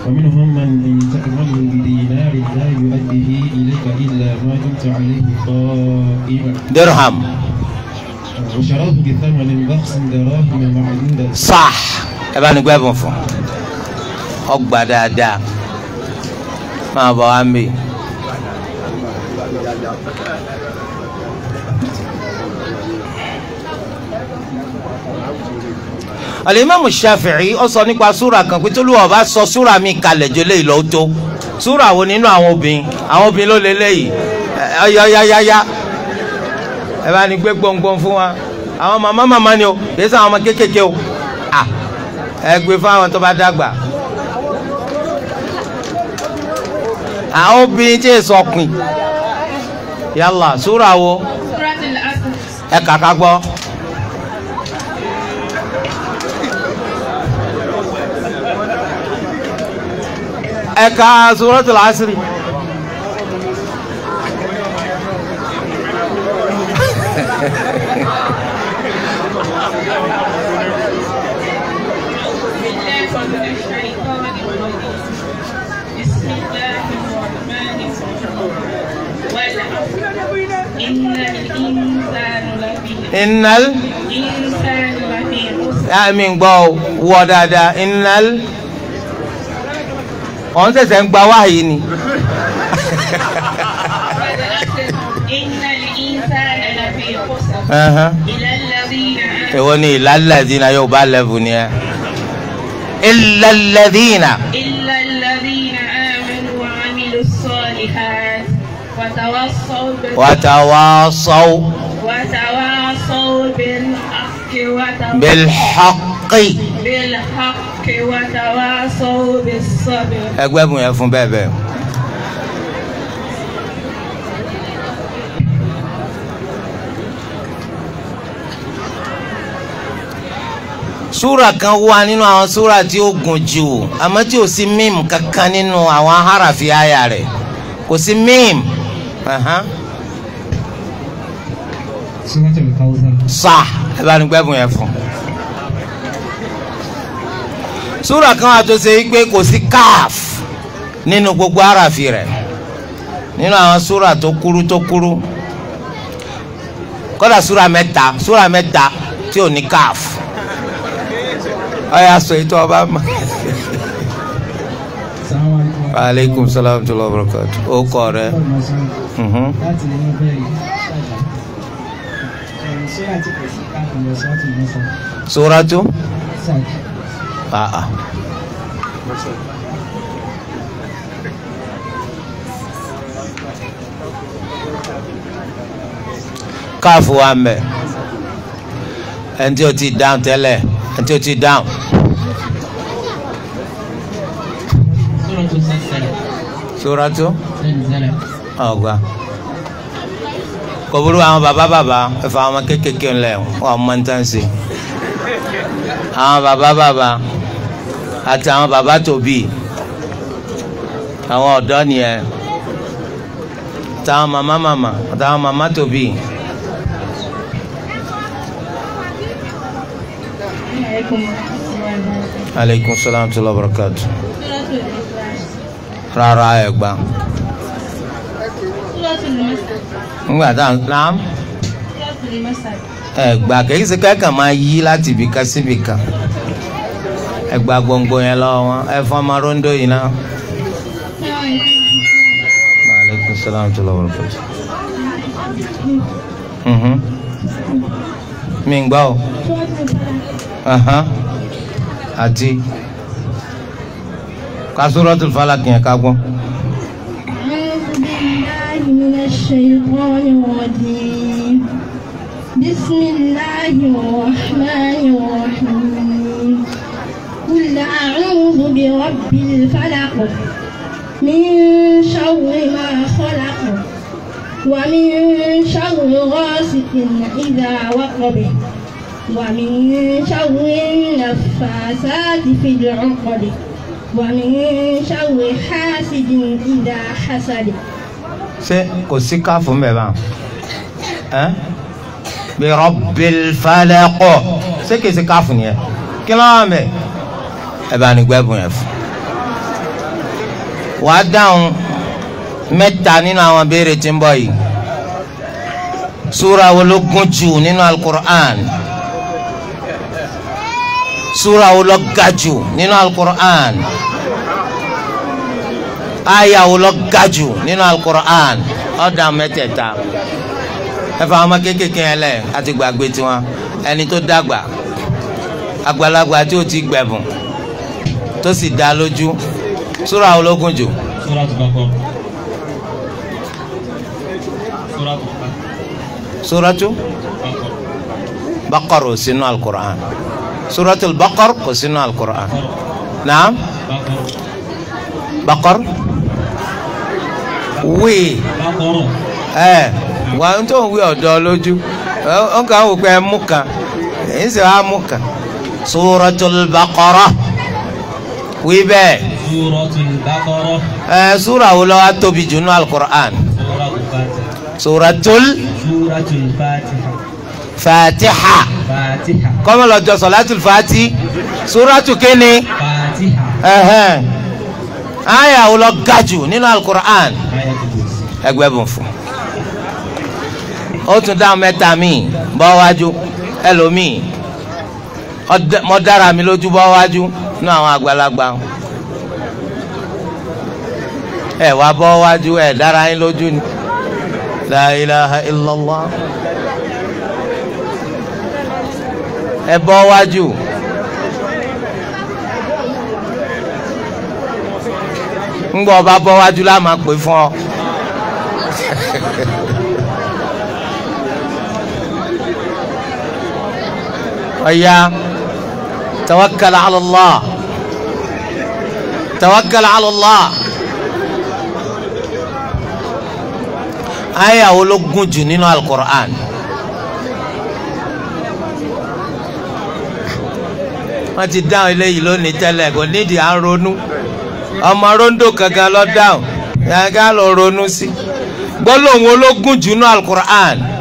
ومنهم من إن تعمله بدينار لا يؤديه إليك إلا ما دمت عليه قائما درهم وشروه بثمن بخس دراهم معدودة صح ẹ̀bá قوي gbẹ́bùn fún ọgbà dáadáa máa bọ̀ wá alimami shafi'i ó sọ nípa súra kan pé tólu ọba sọ súra mi kalẹ̀ jọ léyìí lọ́wọ́ tó súra wo nínú àwọn obìnrin àwọn obìnrin ló lé léyìí ayayayaya ẹ bá ní gbé gbọ̀ngbọ̀n fún wa àwọn màmá màmá ni o kìí sàn àwọn ọmọ kéékèèké o ẹ gbé fún àwọn tó bá dàgbà. àwọn obìnrin tí èso ọkùnrin yálà súra wo ẹ kàkà gbọ́. أكا سورة العصر إن الإنسان لفي خسر إن الإنسان لفي خسر آمين بو ودادا إن الإنسان ọ̀n ṣẹ̀ṣẹ̀ ń gba wáyé ni. èwo ni ìlàlẹ́dínà yóò bá lẹ́bù ni ẹ. ìlàlẹ́dínà. ìlàlẹ́dínà amanu wa amilu salihat watawasaw. watawasaw. watawasaw bil haqq watawasaw. bil haqq. ẹgbẹ́ bùn yẹn fún bẹ́ẹ̀ bẹ́ẹ̀. súra kan wà nínú àwọn súra tí ó gùn jù àmọ́ tí ò sí mímu kankan nínú àwọn harafi àyà rẹ̀ kò sí mímu. sá ẹ bá ní gbẹ́bùn yẹn fún un. súrà kan wà tó ṣe pé kò sí káf nínú gbogbo àràfi rẹ̀ nínú àwọn súrà tó kúrú tó kúrú kódà súrà mẹ́ta súrà mẹ́ta tí ò ní káf ọ̀yà sọ ètò ọba mọ̀ aleykum salaam tula barakat o kọ rẹ. Mhm. suratu. Ah, ah. káàfù wa ń bẹ ẹni tí o ti dáhùn tẹ́lẹ̀ ẹni tí o ti dáhùn. sóràtú ah, ọgbà kò burú àwọn bàbá bàbá ẹ̀fọ́ àwọn kéékèèké ńlẹ̀ wọn mọ̀ ní tán sí àwọn bàbá bàbá àti àwọn bàbá tóbi àwọn ọ̀dọ́ nìyẹn táwọn màmá màmá àtàwọn màmá tóbi. aleykum salaam tó barakat rárá ẹ gbà. ngbà tá à ẹ gbà kì í ṣe máa yí láti ibìkan síbìkan. Si ẹ gba gbòǹgbò yẹn lọ wọn ẹ fọ́n ma rondo yìí náà. aleykum salaam tó lọ wọlé pẹ̀lú. mi ń gbọ́ o. àti kasuratul falak yẹn ká gbọ́. الشيطان الرجيم بسم الله الرحمن أعوذ برب الفلق من شر ما خلق ومن شر غاسق إذا وقب ومن شر النفاسات في العقد ومن شر حاسد إذا حسد ṣé kò sí káfù mẹ́ba ẹ́n bí rọ́bìl falẹ́kọ̀ ṣé kì ẹ bá ní gbẹ́bùn yẹn fún. wàá dáhùn mẹ́ta nínú àwọn béèrè tí ń bọ̀ yìí súra wo ló gùn jù nínú alukur'an súra wo jù nínú alukur'an aya wo ló ga jù nínú alukur'an ọ̀dà mẹ́tẹ̀ẹ̀ta ẹ fà wọn kéékèèké yẹn lẹ̀ àti gbàgbé tiwọn ẹni tó dàgbà àgbàlagbà tí ó ti gbẹ̀bùn tó sì dá lójú súra ológun jù. súratu Baqara ò sínú alukur'an súratu Baqara kò sínú alukur'an naam Baqara wíì ẹ wà ń tó ń wí ọ̀dọ́ lójú ó kàn wò pé ẹ kan èyí sì wá mú kan Suratul Baqarah wí bẹ́ẹ̀. ẹ súra wo ló wá tóbi jù nínú alukur'an. suratul fatiha kọ́mọ lọ jọ sọ̀látùl fati suratu kínní aya wo ló ga jù nínú alukur'an ẹgbẹ́ bùn fún ó tún dáhùn mẹ́ta míì bọ́ wájú ẹlòmíì mo dára mi lójú bọ́ wájú ní àwọn àgbàlagbà ẹ wá bọ́ wájú ẹ dára yín lójú ni la ilaha illallah ẹ bọ́ wájú. ńgbọ ọba bọ wájú la máa pè fún ọ. ọ̀ya tawakkal ala Allah tawakkal ala Allah àyà wo ló gùn jù nínú alukur'an wọ́n ti dáhùn eléyìí lónìí tẹ́lẹ̀ kò nídìí à ń ronú ọmọ rondo kankan lọ dáhùn yàgá lọ ronú sí gbólóhùn ológun jù nínú alukur'an.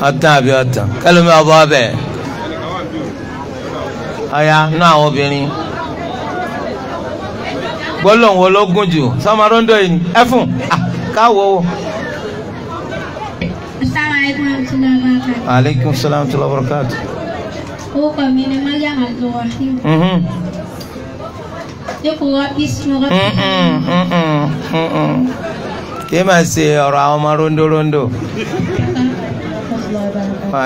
ọtán àbí ọtán kẹlẹmi ọbọ ọbẹ ọyà nú àwọn obìnrin gbólóhùn wo ló gùn jù sọmọdúndó yìí ẹ fún ah, káwọ o. aleykum salaam tula barakatu. owó kan mi ni mariam abdulrahim. Mhm. dípò rọbì sí rọbì. Mhm, mhm, kí máa ṣe ọ̀rọ̀ àwọn ọmọ rondórondó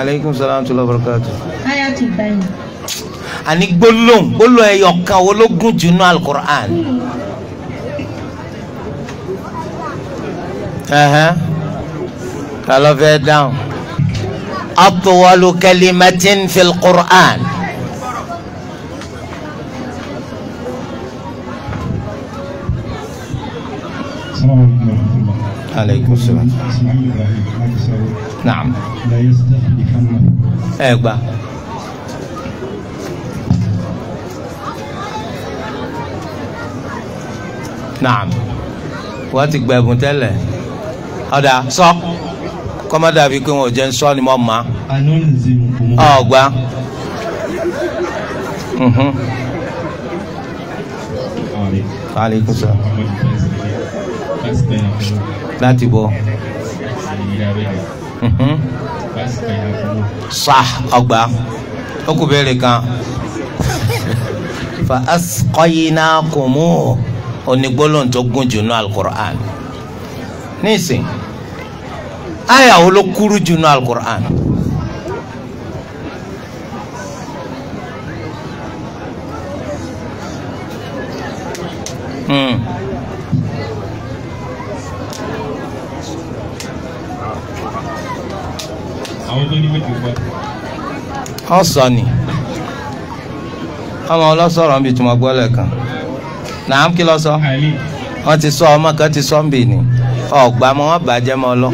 aleykum salaam tó lọ bọ̀rọ̀kàtù. ayé àti ìbáyìí. àní gbólóhùn gbólóhùn ẹyọ kan wo ló gùn jù nínú alukur'an. ta ló fẹ́ dáhùn. atwalu kalimatin fil qur'an. aleykum salaam. Naam. ẹ gbà. Naam. wọ́n ti gba ẹ̀bùn tẹ́lẹ̀ ọ̀dà sọ kọ́mọ́dà bíi pé wọn ò jẹ́ ń sọ ni mo mọ̀ ọ́ gbà. Mhm. Aleykum salaam. Láti bọ̀. Mm-hmm. sa ọgbà ó kù kan fa asqainakumu onígbólóhùn tó gùn jù nù alukur'an nísìn àyà wo ló kúrú jù nù alukur'an. Mm. ọ̀sọ̀ ni ọmọ ọlọ́sọ̀rọ̀ ń bi tí mo kan? lẹ́ẹ̀kan nàá kí lọ sọ wọ́n ti sọ ọmọ kan ti sọ ń bì ní ọ̀gbà mọ́ wọ́n bàjẹ́ lọ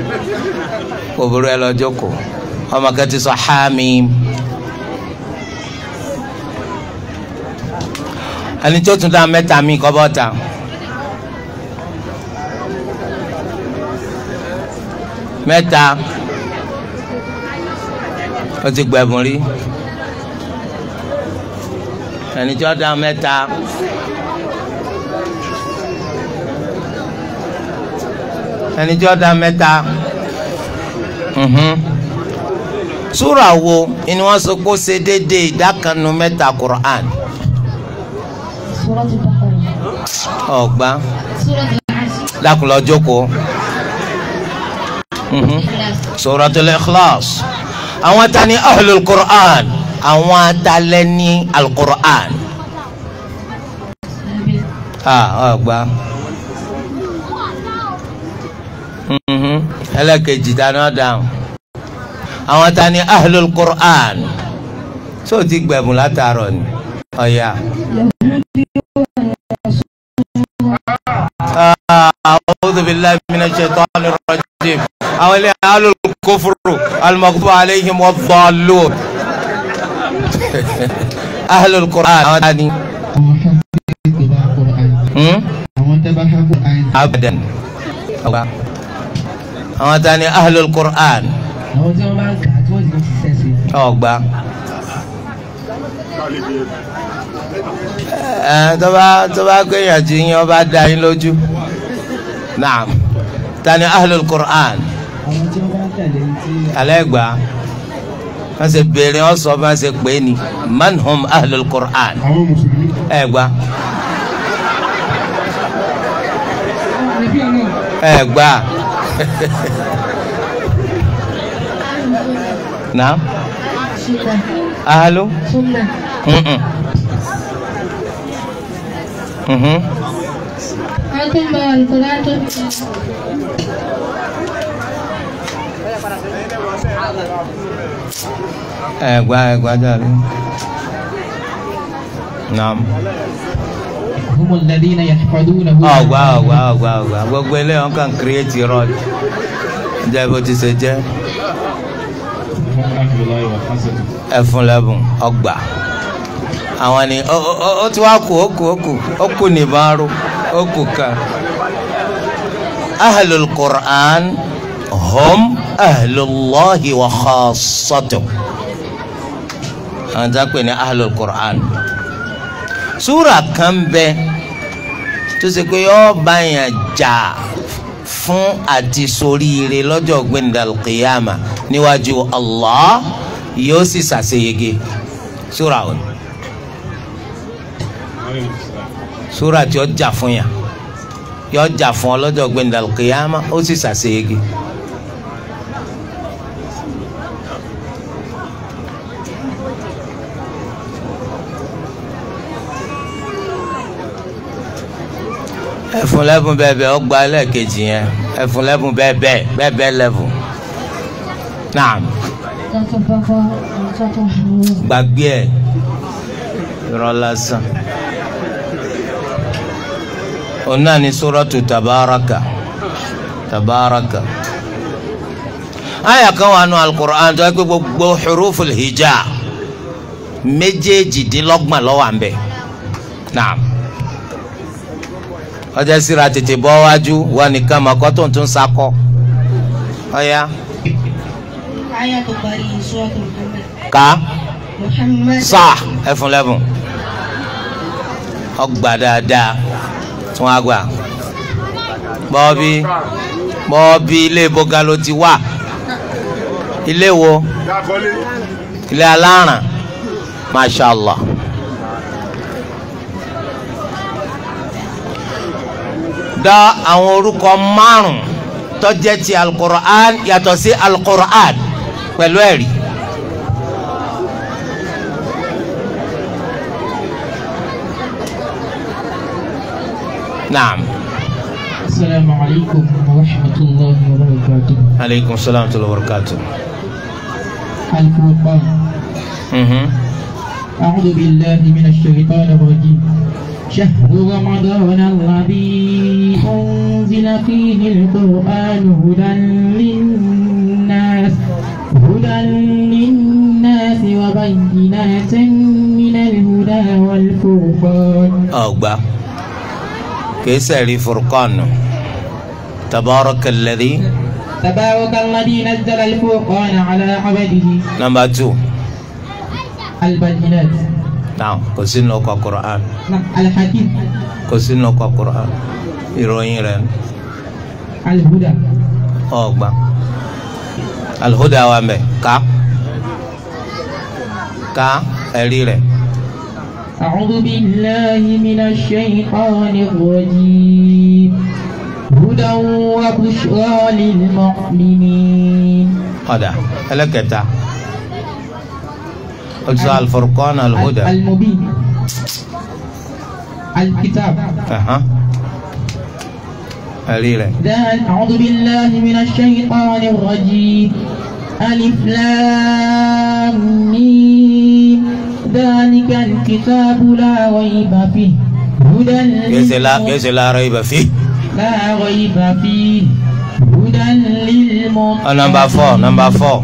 ẹ ọmọ kan ti sọ hamim ẹni tó tún dá mẹ́ta mi kọ́ bọ́ta. mẹ́ta. ó ti gbẹ̀bùn rí ẹni tí wọ́n dá mẹ́ta ẹni tí wọ́n dá mẹ́ta mhm. súrà wo ni wọ́n sọ pé ó ṣe déédéé ìdá mẹ́ta Qur'an. ọ̀gbá dákun lọ jókòó. Suratul mhm. Ikhlas àwọn ta ni ahlul qur'an àwọn atalẹ ní alqur'an. ọgbà mhm. ẹlẹ́kejì ta ni wọ́n dáhùn àwọn ta ni ahlul qur'an tó ti gbẹ̀mú látàárọ̀ ni ọ̀ya. أعوذ بالله من الشيطان الرجيم àwọn ilé alukófóró alimakufu aleyhim wa bọ́ọ̀lù alukófóró àwọn tani. abadan àwọn tani ahlul qur'an. àwọn tí wọn bá ń kà tí wọn sì ń ṣiṣẹ́ sí. ọgbà tọ́ba tọ́ba gbẹ̀yìn àti yín ọba dá yín lójú naam tani ahlul qur'an àwọn tí wọ́n bá ń tẹ̀lé ti. alẹ́ gbà wọ́n ṣe béèrè wọ́n sọ wọ́n ṣe pé ni manhum ahlul qur'an ẹ gbà. ẹ gbà. naam alo mhm mhm ẹ̀gbá ẹ̀gbá jàre. Naam. Hum alladhina yahfaduna. Ọ̀gbá ah, ọ̀gbá ọ̀gbá ọ̀gbá gbogbo eléyìí wọn kàn kírètì rọ́ọ̀lù. Ǹjẹ́ bó ti ṣe jẹ́? Ẹ̀fun lẹ́bùn ọgbà. Àwọn ni ó ti wá kú ó kú ó kú ó kú nìbọn aró ó kú kan. Ahlul Qur'an hum ahlullahi wa khassatuh àwọn tá a pè ní ahlul Qur'an súra kan bẹ tó ṣe pé yọọ bá yàn jà fún àti ṣoríire lọ́jọ́ gbẹ̀ndàl qiyama níwájú Allah yóò sì ṣàṣeyege súra òní súra tí ó jà fún yàn yóò jà fún ọ lọ́jọ́ gbẹ̀ndàl ó sì ṣàṣeyege. ẹfun lẹ́bùn bẹ́ẹ̀ bẹ́ẹ̀ ọgbà ẹlẹ́ẹ̀kejì yẹn ẹfun lẹ́bùn bẹ́ẹ̀ bẹ́ẹ̀ bẹ́ẹ̀ bẹ́ẹ̀ lẹ́bùn naam gbàgbé ẹ̀ irọ́ lásán òun náà ní sóràtù tabaraka tabaraka àyà kan wà nù alukur'an tó yẹ kó gbogbo huruful hijab méjèèjìdínlọ́gbọ̀n ló wà ńbẹ̀ naam ọjọ́ síra tètè bọ́ wájú wọn nìkan mọ̀kọ́ tó ń tún sakọ. ọ̀ya. aya tó parí sọ́ọ̀tù muhammed. ká sá ẹfun lẹ́bùn ọgbà dáadáa tún á gbà bọ́ọ̀bì bọ́ọ̀bì ilé ìbọ̀gá ló ti wà ilé wo ilé aláràn masha allah. dá àwọn orúkọ márùn tó jẹ́ ti alukur'an yàtọ̀ sí alukur'an pẹ̀lú ẹ̀rí. naam. asalaamu alaykum wa rahmatulahi wa barakatuh. aleykum salaam wa rahmatulahi wa barakatuh. alukur'an. أعوذ mm-hmm. بالله من الشيطان الرجيم شهر رمضان الذي أنزل فيه القرآن هدى للناس هدى للناس وبينات من الهدى والفرقان أوبا كيس فرقان تبارك الذي تبارك الذي نزل الفرقان على عبده نمبر 2 البينات naam kò sí nínú ọkọ̀ Qur'an kò sí nínú ọkọ̀ Qur'an ìròyìn rẹ̀ ni. alihuda. ọgbà alihuda wa mẹ ká ká ẹ̀rí rẹ̀. أعوذ بالله من الشيطان الرجيم هدى وبشرى للمؤمنين. ọ̀dà ẹlẹ́kẹta. اجزاء الفرقان الهدى المبين الكتاب اها قليلا أعوذ بالله من الشيطان الرجيم ألف لام ميم ذلك الكتاب لا ريب فيه هدى كيف لا كيف لا ريب فيه لا ريب فيه هدى للمؤمنين آه، نمبر 4 نمبر 4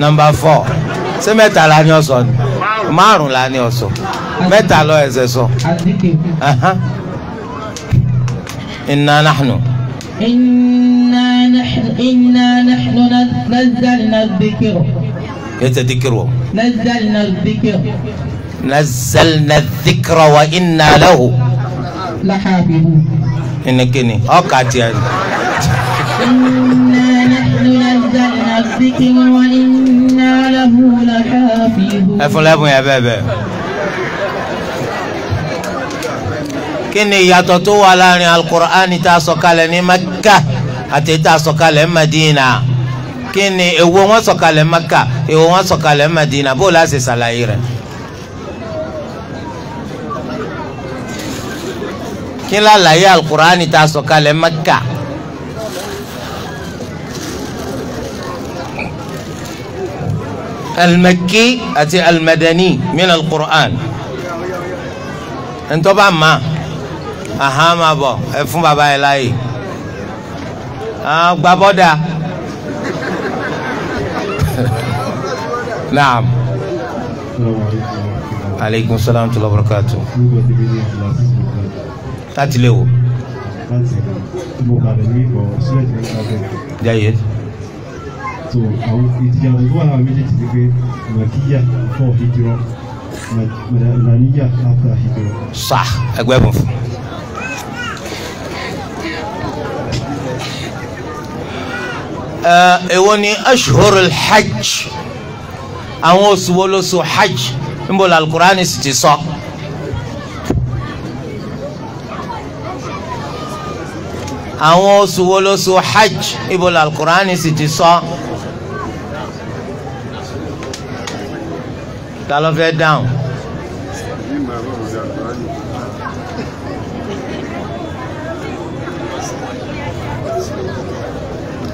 nọmba four ṣé mẹ́ta la ni ọ sọ ni márùn la ni ọ sọ mẹ́ta lọ ẹsẹ̀ sọ. inna nahnu. inna nahnu inna nahnu nazzalna dhikr. yẹtẹ dhikr o. nazzalna dhikr. nazzalna dhikr wa inna بنفسك وإنا له لحافظون ẹfun lẹ́bùn yẹn bẹ́ẹ̀ bẹ́ẹ̀. kí ni ìyàtọ̀ tó wà láàrin alukur'ani tá a sọ̀kalẹ̀ ní maka àti tá a sọ̀kalẹ̀ madina kí ni èwo wọn sọ̀kalẹ̀ maka èwo wọn sọ̀kalẹ̀ madina bó la ṣàlàyé rẹ̀. kí ni àlàyé alukur'ani tá a sọ̀kalẹ̀ maka. alimaki àti alimadani mina alukur'an ntọ́ba ma ahan ma bọ̀ ẹ fún baba yẹn láàyè gbàbọ́dà naam aleykum salaam wa rahmatulahi wa barakatu láti lè wò. jaye so àwọn ìtìyàtọ̀ tó wà láwọn méjèèjì ti pé màkíyà fọ hijira màdàníyà after hijira. sa ẹgbẹ́ bùn fún. èwo ni ashhurul hajj àwọn oṣù wo lóṣù hajj ń bọ̀ lálùkùránì sì ti sọ. àwọn oṣù wo lóṣù hajj ibola alukur'ani sì ti sọ. ta ló fẹ́ dáhùn.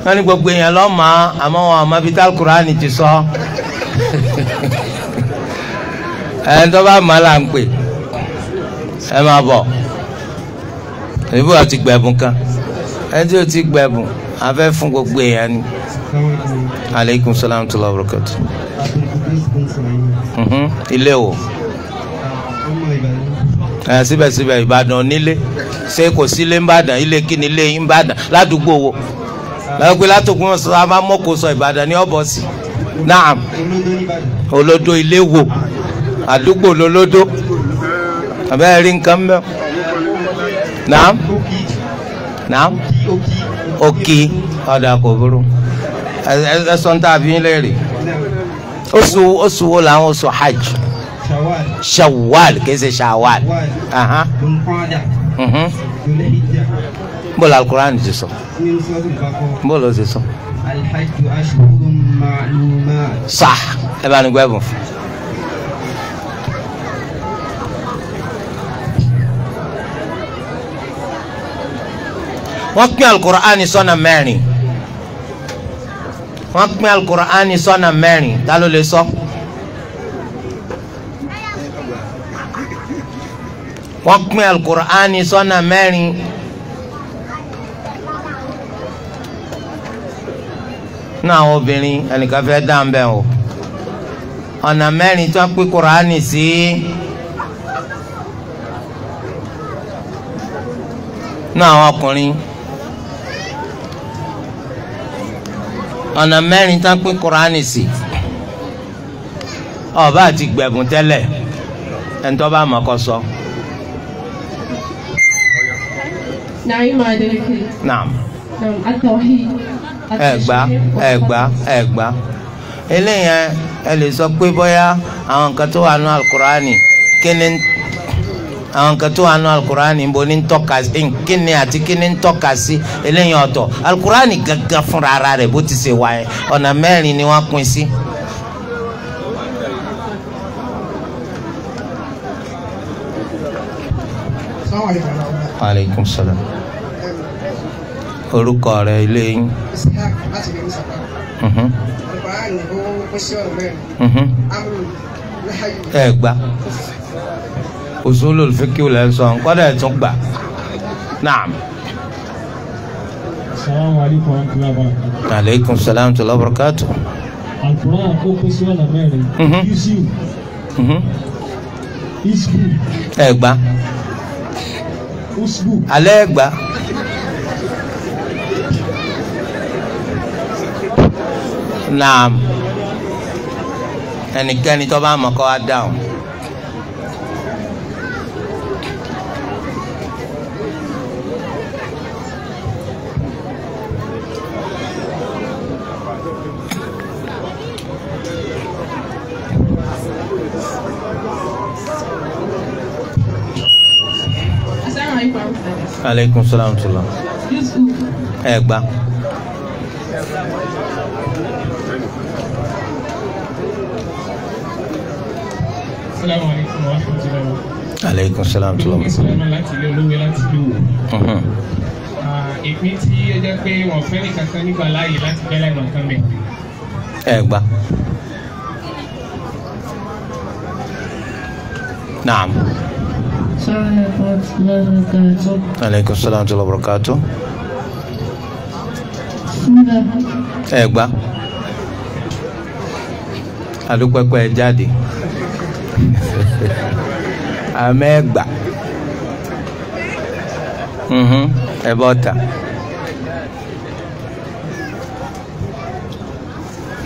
wọ́n ní gbogbo èèyàn lọ́mọ àmọ́ wọn àmọ́ bíi tal Qur'ani ti sọ ẹ̀ ń tọ́ bá mọ́ là ń pè ẹ máa bọ̀ ìbú àti gbẹ̀bùn kan ẹni tí ó ti gbẹ̀bùn afẹ́ fún gbogbo èèyàn ni aleykum salaam tó lọ́wọ́ rẹ̀ Mhm. ilé wò eh, síbẹ̀síbẹ̀ ìbàdàn nílé ṣé kò sílé ńbàdàn ilé kí ni ilé ńbàdàn ládùúgbò wo lọ́wọ́ látòkùn ọ̀sán a ìbàdàn ní ilé àdúgbò rí nǹkan mẹ́ òkì oṣù oṣù wo làwọn oṣù hajj shawal kì í ṣe shawal bọ́ọ̀lù alukur'an ti sọ bọ́ọ̀lù ó ti sọ. sah ẹ bá ní gbẹ́bùn fún. wọ́n pín alukur'an sọ́nà mẹ́rin wọ́n pín alukur'ani sọ́nà mẹ́rin ta ló lè sọ. wọ́n pín alukur'ani sọ́nà mẹ́rin. nínú àwọn obìnrin ẹnìkan fẹ́ dá ń bẹ̀ o ọ̀nà mẹ́rin tó pín kur'ani sí. nínú àwọn ọkùnrin. ọ̀nà mẹ́rin tán pín kuraani sí ọba àti gbẹ̀gùn tẹ́lẹ̀ ẹ̀ńtọ́ bá mọ̀ kọ́ sọ. Naim Adeleke. Naam. Atawhid. Ẹ gbà ẹ gbà ẹ gbà eléyẹn ẹ lè sọ pé bóyá àwọn nǹkan tó wà nù alukurani kí ni àwọn kan tó wà nù alukurani ń bọ ní tọ́ka kíni àti kíni ń tọ́ka sí eléyìí ọ̀tọ̀ alukurani gángan fúnra ara rẹ̀ bó ti ṣe wáyé ọ̀nà mẹ́rin ni wọ́n pín sí. aleykum salaam orúkọ rẹ ilé yín. Mhm. Mhm. ẹ gbà usulul fiqh lẹ ń sọ nkọdà ẹ tún gbà naam. salaamaleykum wa rahmatulahi wa barakatu. aleykum salaam wa rahmatulahi wa barakatu. àkùrọ̀ àkókò kó sí ọ̀nà mẹ́rin. Mhm. yusuf. Mhm. isbu. ẹ gbà. usbu. alẹ́ gbà. naam ẹnikẹ́ni tó bá mọ̀ kọ́ wa dáhùn. aleykum salaam tula ẹ gba. aleykum salaam tula. ìpín tí ó jẹ́ pé wọ́n fẹ́ nìkan kan nígbà láàyè láti bẹ́ẹ̀ láì mọ̀ nǹkan bẹ̀. ẹ gba. naam aleykum salaam tó lọ bọ̀rọ̀kátó. ẹ gbá alúpẹ̀pẹ̀ jáde amẹ́gbà mhm, ẹ bọ́ ta.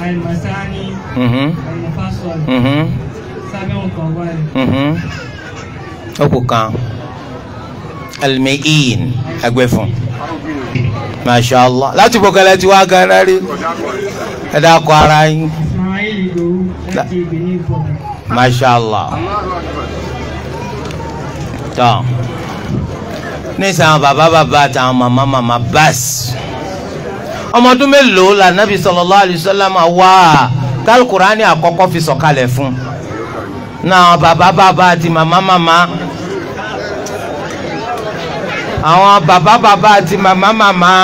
alimọ̀sáni alimọ̀fásọ̀lù mhm. mhm. sábẹ́ òǹkọ̀wé ọkù kan almein agbẹ́fun masha allah láti bọ̀kẹ́lẹ́ tí wàá gan rárí ẹ dákọ̀ ara yín masha allah tọ́ nísàn bàbá bàbá àtàwọn màmá màmá báàsì ọmọdún mélòó la nabi sallallahu alayhi wa sallam wá kálukùránì àkọ́kọ́ fi sọ̀kalẹ̀ fún náà bàbá bàbá àti màmá màmá àwọn baba, baba, àti mama, mama.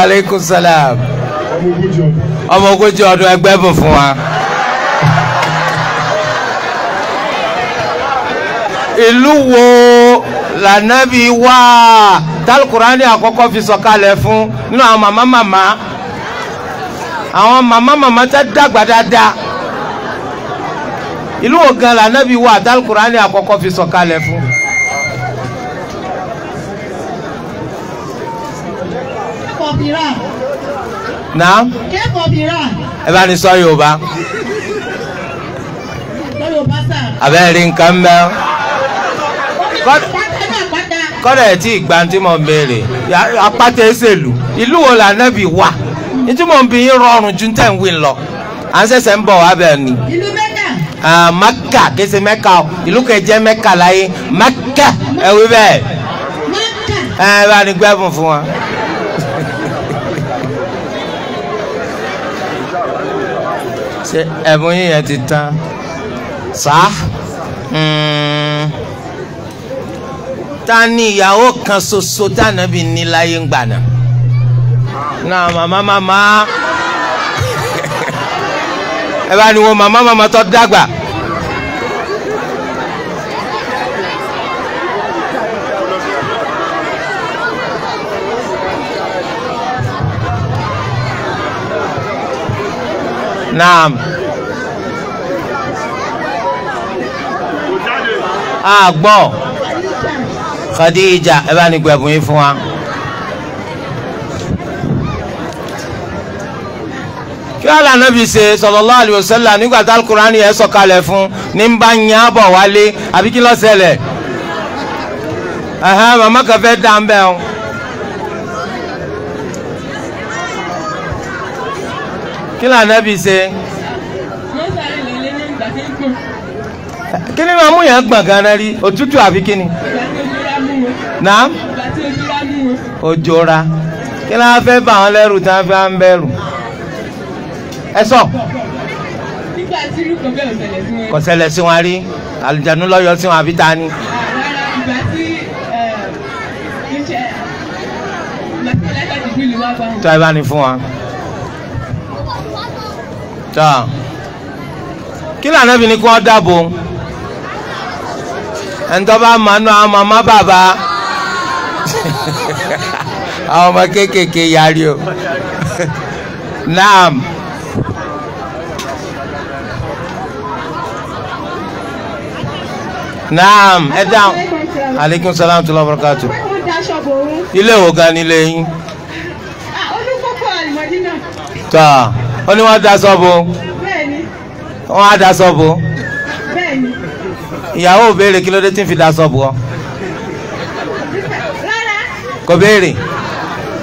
aleykum salam ọmọ ogójì ọdún ẹgbẹ́ bùn fún wa. ìlú wo lànàbí wá tálkùránì àkọ́kọ́ fi sọ̀kalẹ̀ fún nínú àwọn màmá màmá àwọn màmá màmá tẹ́ dàgbà dáadáa ìlú wo gan lànàbí wá tálkùránì àkọ́kọ́ fi sọ̀kalẹ̀ fún. of Iran. Naam. Cape of Iran. Ẹ bá ní sọ Yorùbá. Sọ Yorùbá sà. Abẹ́rẹ́ rí nǹkan mẹ́. Kọ́dà ẹ̀ tí ìgbà tí mo béèrè apáta ẹ̀sẹ̀lù ìlú wo là nẹ́bì wà ní tí mo ń bi yín rọrùn ju tẹ̀ ń wí lọ à ń ṣẹ̀ṣẹ̀ ń bọ̀ wá bẹ́ẹ̀ ni. Ìlú Mẹ́kà. Mẹ́kà kìí ṣe o ìlú kẹjẹ Mẹ́kà láyé Mẹ́kà ẹ̀ wí bẹ́ẹ̀. Mẹ́kà. Ẹ bá ní gbẹ́bùn fún wa. ṣe ẹ̀bùn yín yẹn ti tán sá hmm. ta ni ìyàwó kan ṣoṣo tànàbí ní láyé ń gbànà náà màmá màmá ẹ bá ní wọn màmá màmá tó dàgbà. Naam. a gbọ́ Khadija ẹ bá ní gbẹ̀bùn yín fún wa. kí wàá lànà bí ṣe nígbà tá alukurani sọ̀kalẹ̀ ní bá ń yàn bọ̀ kí ni ànábì ṣe. kí ni máa mú yàn gbọ̀n gan-an rí òtútù àbí kí ni. nàám òjò ra kí ni wọ́n fẹ́ bà wọ́n lẹ́rù tí wọ́n fi ń bẹ̀rù. ẹ sọ. kò ṣẹlẹ̀ sí wọn rí àlùjánu lọ́yọ̀ sí wọn àbí ta ni. tí wọ́n bá ní fún wa tọ́ kí lànà bí ni kí wọ́n dáàbò ẹ̀ńtọ́ bá manú àwọn màmá bàbá àwọn ọmọ kéékèèké yarí o naam. naam ẹ dáhùn aleykum salaam tó lọ bọrọkàtù. ilé wo gan ni ilé yín. olùkókó àlùmọ́dínà. tọ́ a ó ní wọ́n da sọ́ọ̀bù wọ́n á da sọ́ọ̀bù ìyàwó ò béèrè kí ló dé tí ń fi da sọ́ọ̀bù ọ kò béèrè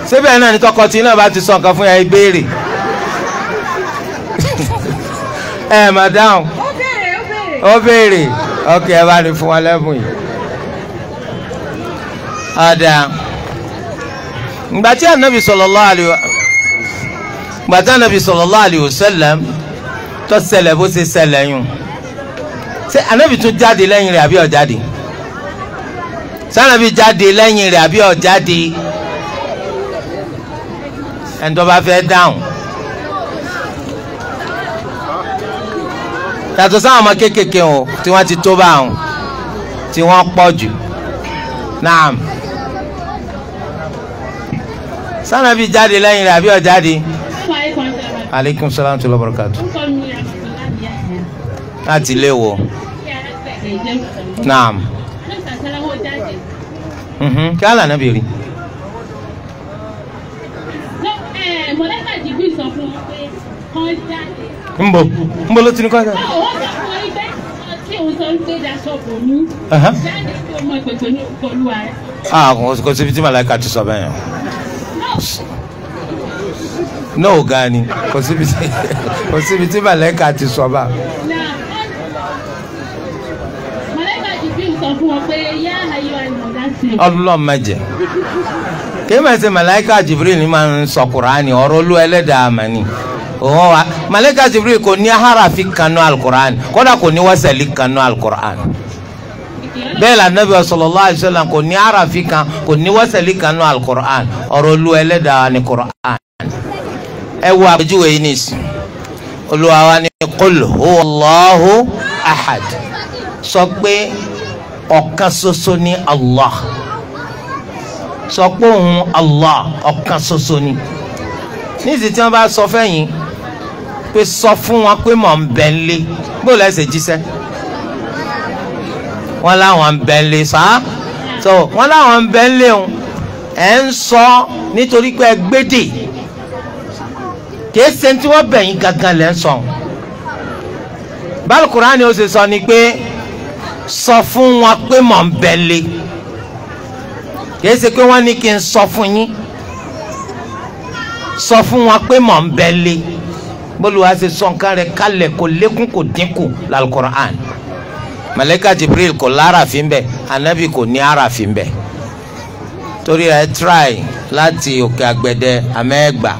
síbẹ̀ náà ní tọkọ tí náà bá ti sọ nǹkan fún yà ìbéèrè ẹ madam ó béèrè ok ẹ bá ní fún wa lẹ́bùn yìí ọ̀dà ngbàtí ànábì sallallahu alaihi gbàtà nàbì sallallahu alayhi wa sallam tó ṣẹlẹ̀ bó ṣe ṣẹlẹ̀ yùn ṣé ànábì tún jáde lẹ́yìn rẹ̀ àbí ó jáde sànàbì jáde lẹ́yìn rẹ̀ àbí ó jáde ẹni tó bá fẹ́ dáhùn. yàtọ̀ sáwọn ọmọ kéékèèké o tí wọ́n ti tó bá àwọn tí wọ́n pọ̀ jù naam sànàbì jáde lẹ́yìn rẹ̀ àbí ó jáde aleykum salaam tula barakatu. láti ilé wo. naam. Mhm. kí ala náà bèrè. nbọ nbọ ló ti ní kọ́ ẹ̀ ah kò síbi tí màláìka ti sọ bẹ́ẹ̀ yẹn náà ò ga ni kò síbi tí màlẹ́kà ti sọ bá. ọlọ́run má jẹ́ kéèmà ṣe màláíkà jibril máa ń sọ kuraani ọ̀rọ̀ olú ẹlẹ́dàá àmàní òun wa màláíkà jibril kò ní harafi kanú alukuraani kódà kò ní wasali kanú alukuraani bẹ́ẹ̀ la nabi sallallahu alaihi wasallam kò ní harafi kan kò ní wasali kanú alukuraani ọ̀rọ̀ olú ẹlẹ́dàá ni kuraani ẹ wo àpèjúwe yìí nìsí olúwa wa ní qul huwa Allahu ahad sọ pé ọ̀kan ṣoṣo ni Allah sọ pé òun Allah ọ̀kan ṣoṣo ni nísìsiyìí tí wọ́n bá sọ fẹ́yìn pé sọ fún wọn pé mò ń bẹ̀ ń lé bó lẹ́sẹ̀ jíṣẹ́ wọ́n láwọn ń bẹ̀ ń lé sá so wọ́n láwọn ń bẹ̀ ń lé òun ẹ̀ ń sọ nítorí pé ẹ gbédè kìí ṣe tí wọ́n bẹ̀yìn gangan lẹ́ ń sọ báàlù kuraani ó ṣe sọ ni pé sọ fún wọn pé mọ̀ ń bẹ̀ le kìí ṣe pé wọ́n ní n sọ fún yín sọ fún wọn pé mọ̀ ń bẹ̀ le bólúwa ṣe sọ nǹkan rẹ̀ kalẹ̀ kò lékún kò dínkù lálùkùrán màláíkà Jibril kò láràfin bẹ anabi kò ní àràfin bẹ torí ẹ tíráì láti òkè àgbẹ̀dẹ amẹ́gbàá.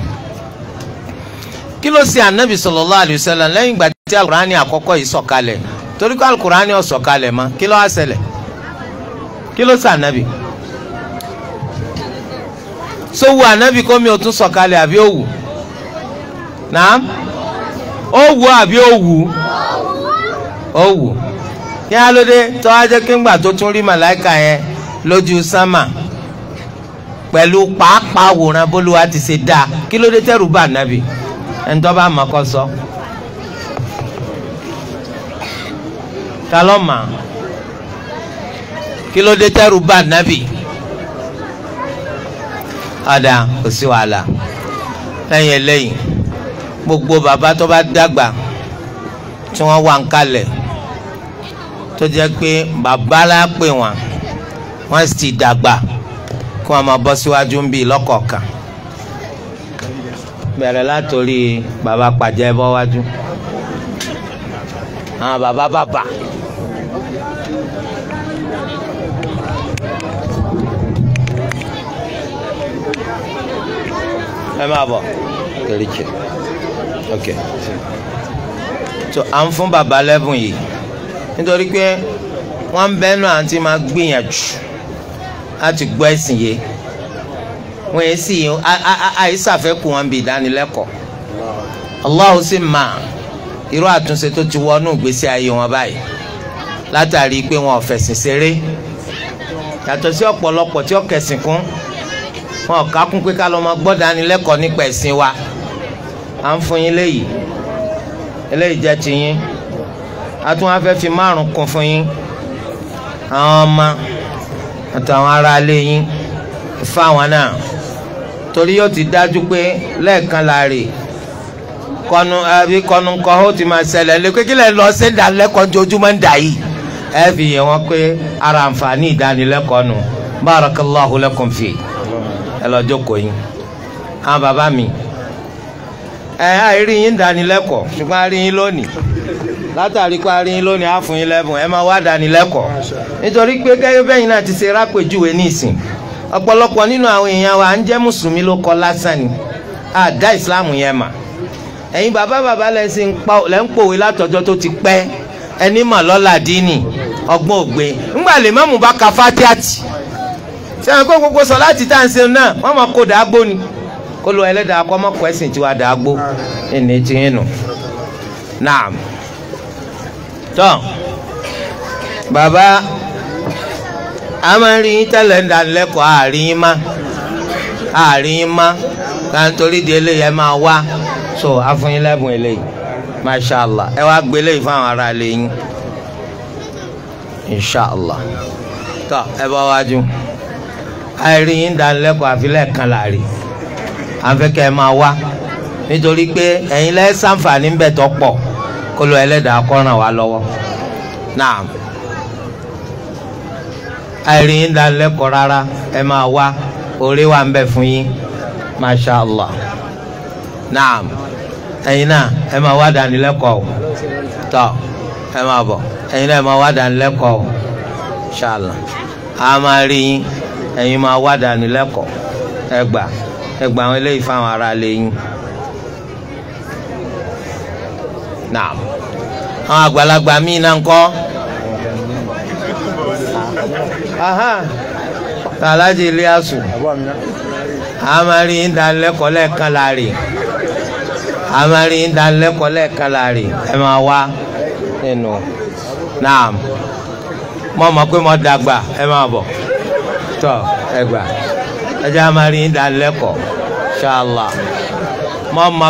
kí ló ṣe anabi sọlọ alayhi wa sallam ìgbà tí alukurani àkọ́kọ́ yìí sọ̀kalẹ̀ torí pé alukurani ò sọ̀kalẹ̀ kí ló wá kí ló ṣe anabi sowu anabi kó mi ò tún àbí àbí kí á ló tó wá kí tó tún rí màláìka yẹn lójú pẹ̀lú pàápàá wòran ti ṣe dáa kí tẹ́rù anabi. ẹnitọ́ba àmọ́kọ́ sọ talọ́mà kí ló dé tẹ́rù bá nábì ọ̀dà kò sí wàhálà lẹ́yìn eléyìí gbogbo baba tó bá dàgbà tí wọ́n wà ń kalẹ̀ tó jẹ́ pé bàbá la pè wọ́n wọ́n sì dàgbà kí wọ́n máa bọ́ síwájú ń bì lọ́kọ̀ọ̀kan bẹ̀rẹ̀ látòrí bàbá pàjẹ́ bọ́ wájú àwọn bàbá bàbà. ẹ máa bọ̀ kẹ̀ríkẹ̀ ok so à ń fún bàbá lẹ́bùn yìí nítorí pé wọ́n ń bẹ́ẹ̀ náà àǹtí máa gbìyànjú láti gbọ́ ẹ̀sìn yìí wọn yẹn sì àìsàfẹ́kù wọn bí ìdánilẹ́kọ̀ọ́ Allah sì mà irú àtúnṣe tó ti wọnú ìgbésí ayé wọn báyìí látàrí pé wọn ò fẹ̀sìn ṣeré yàtọ̀ sí ọ̀pọ̀lọpọ̀ tí ó kẹ̀sìn kún wọn ò ká kún pé ká lọ́ọ́ máa gbọ́ dánilẹ́kọ̀ọ́ nípa ẹ̀sìn wa à ń fún yín léyìí eléyìí jẹ́ ti yín a tún wá fẹ́ fi márùn kún fún yín àwọn ọmọ àtàwọn aráalé yín fáwọn náà. torí yóò ti dájú pé lẹ́ẹ̀kan la rè kọnu àbí kọnu kọ ó ti máa ṣẹlẹ̀ lé pé kí lè lọ sí ìdánilẹ́kọ̀ọ́ ojoojúmọ́ ń dà yìí ẹ fi yẹ wọn pé ara àǹfààní ìdánilẹ́kọ̀ọ́ nù barakallahu lakum fi ẹ lọ jókòó yín àwọn bàbá mi ẹ àìrí yín dánilẹ́kọ̀ọ́ ṣùgbọ́n àrí yín lónìí látàrí pé àrí yín lónìí á fún yín lẹ́bùn ẹ máa wá dánilẹ́kọ̀ọ́ nítorí pé gẹ́gẹ́ bẹ́yìn náà ti ṣe rápèjúwe ní ìsìn ọ̀pọ̀lọpọ̀ nínú àwọn èèyàn wa à ń jẹ́ mùsùlùmí ló kọ lásán ni àdá ìsìláàmù yẹn mà ẹ̀yin bàbá bàbá lẹ́sìn lẹ́ ń pòwe látọjọ́ tó ti pẹ́ ẹni mà lọ́la dínì ọgbọ́n ògbé ńgbà lè má mú bá ka fatiati sẹ́wọ̀n kó gbogbo sọ láti tá à ń ṣe náà wọ́n máa kó ni kó lo ẹlẹ́dàá kó má kó ẹ̀sìn tiwa dàágbó ẹni tí ń nù naam tọ́ bàbá. a máa ń rí tẹ́lẹ̀ ń dánilẹ́kọ̀ọ́ àárín má àárín má ká di eléyìí ẹ máa wá so afọ lẹ́bùn eléyìí mashallah ẹ wá gbé eléyìí fún àwọn ará ilé yín inshallah tó ẹ bá wájú àìrí yín dánilẹ́kọ̀ọ́ àfilẹ̀ kan láàrin ẹ máa wá nítorí pé ẹ̀yin pọ̀ kó àìrìn yín rárá ẹ máa wá orí wa ń bẹ fún yín masha allah naam náà ẹ máa wá dánilẹ́kọ̀ọ́ o tọ ẹ máa bọ̀ ẹ̀yin náà ẹ máa wá dánilẹ́kọ̀ọ́ o ṣàlà a máa rí yín ẹ̀yin máa wá dánilẹ́kọ̀ọ́ ẹ ẹgbà ẹgbà àwọn eléyìí fáwọn ará lé yín naam àwọn àgbàlagbà míì náà ń kọ́. alájí ilé asù amari ń da lẹ́kọ̀ọ́ lẹ́ẹ̀kan láàrin amari ń da lẹ́kọ̀ọ́ lẹ́ẹ̀kan láàrin ẹ máa wá nínú náà mo mọ̀ pé mo dàgbà ẹ máa bọ̀ tọ́ ẹ gbà ẹ jẹ́ amari ń da lẹ́kọ̀ọ́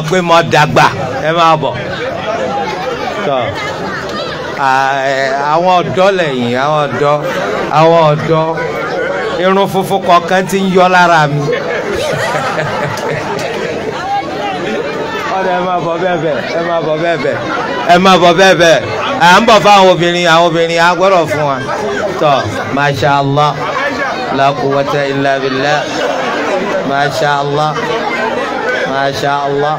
pé mo dàgbà ẹ máa bọ̀ tọ́ àwọn ọ̀dọ́ lẹ́yìn àwọn ọ̀dọ́ àwọn ọ̀dọ́ irun funfun kọ̀ọ̀kan ti ń yọ lára mi. ọ̀dọ̀ ẹ máa bọ̀ bẹ́ẹ̀ bẹ́ẹ̀ ẹ máa bọ̀ bẹ́ẹ̀ bẹ́ẹ̀ ẹ máa bọ̀ bẹ́ẹ̀ bẹ́ẹ̀ à ń bọ̀ fún àwọn obìnrin àwọn obìnrin á gbọ́dọ̀ fún wa. tọ́ masha allah la quwwata illa billah masha allah masha allah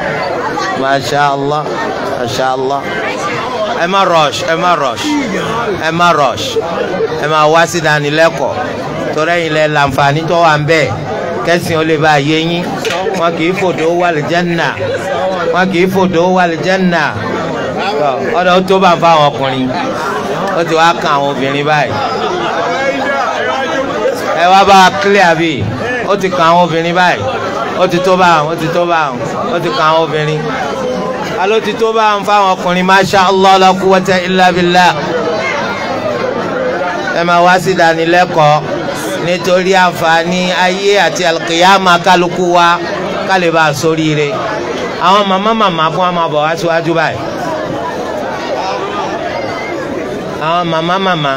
masha allah ẹ má rush ẹ má rush ẹ má rush ẹ má wá sí ìdánilẹ́kọ̀ọ́ torí ẹ̀yin lẹ làǹfààní tó wà ń bẹ̀ kẹ́sìn ó lè bá yé yín wọn kì í fòdó wà lìjẹ́nà wọn kì í fòdó wà lìjẹ́nà ọ̀dọ̀ ó tó bá ń fa àwọn ọkùnrin ó ti wá kan àwọn obìnrin báyìí ẹ wá bá a clear ó ti kan àwọn obìnrin báyìí ó ti tó bá àwọn ó ti tó bá àwọn ó ti kan àwọn obìnrin alo ti tó bá ń fáwọn ọkùnrin masha allah la quwwata illa billah ẹ máa wá sí ìdánilẹ́kọ̀ọ́ nítorí àǹfààní ayé àti alkiyama kálukú wa kálí bá a sóríire àwọn màmá màmá kún wa máa bọ̀ wá síwájú báyìí àwọn màmá màmá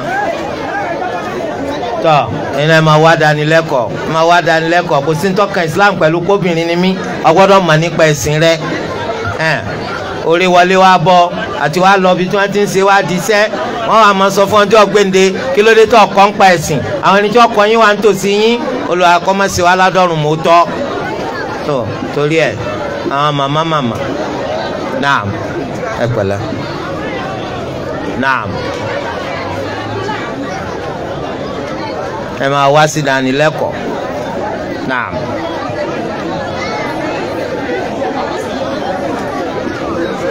tọ ẹnlẹ máa wá dánilẹ́kọ̀ọ́ máa wá dánilẹ́kọ̀ọ́ kò sí ní tọ́ka Islam pẹ̀lú kóbìnrin ni mí ọgbọ́dọ̀ mọ̀ nípa ẹ̀sìn rẹ orí wọlé wa bọ àti wa lọ bí tí wọn ti ń ṣe wa di iṣẹ́ wọn wà máa sọ fún ọjọ́ gbèǹde kí ló dé tó ọkọ ń pa ẹ̀sìn àwọn ẹni tí wọn kọ yín wà ń tòsí yín Olúwa kó má ṣe wa ládọrùn mọ tọ tó torí ẹ àwọn màmá màmá naam ẹ pẹ̀lẹ́ naam ẹ máa wá sí ìdánilẹ́kọ̀ọ́ naam.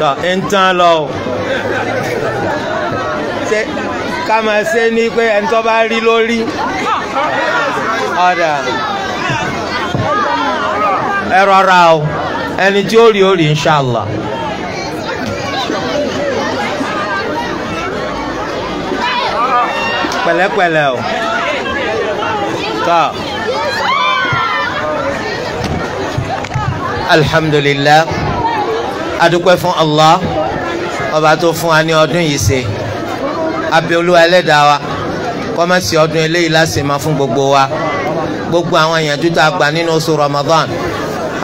tọ ń tán lọ o ṣe ká máa ṣe ni pé ẹni tó bá rí lórí ọ̀dà ẹ rọra o ẹni tí ó rí ó rí inṣàlá. pẹ̀lẹ́pẹ̀lẹ́ o tọ. alhamdulillah adúpẹ́ fún Allah ọba tó fún wa ní ọdún yìí ṣe abẹ́ olúwa ẹlẹ́dàá wa kọ́mẹ́sì ọdún eléyìí láṣẹ máa fún gbogbo wa gbogbo àwọn ìyànjú tá a gbà nínú oṣù Ramadan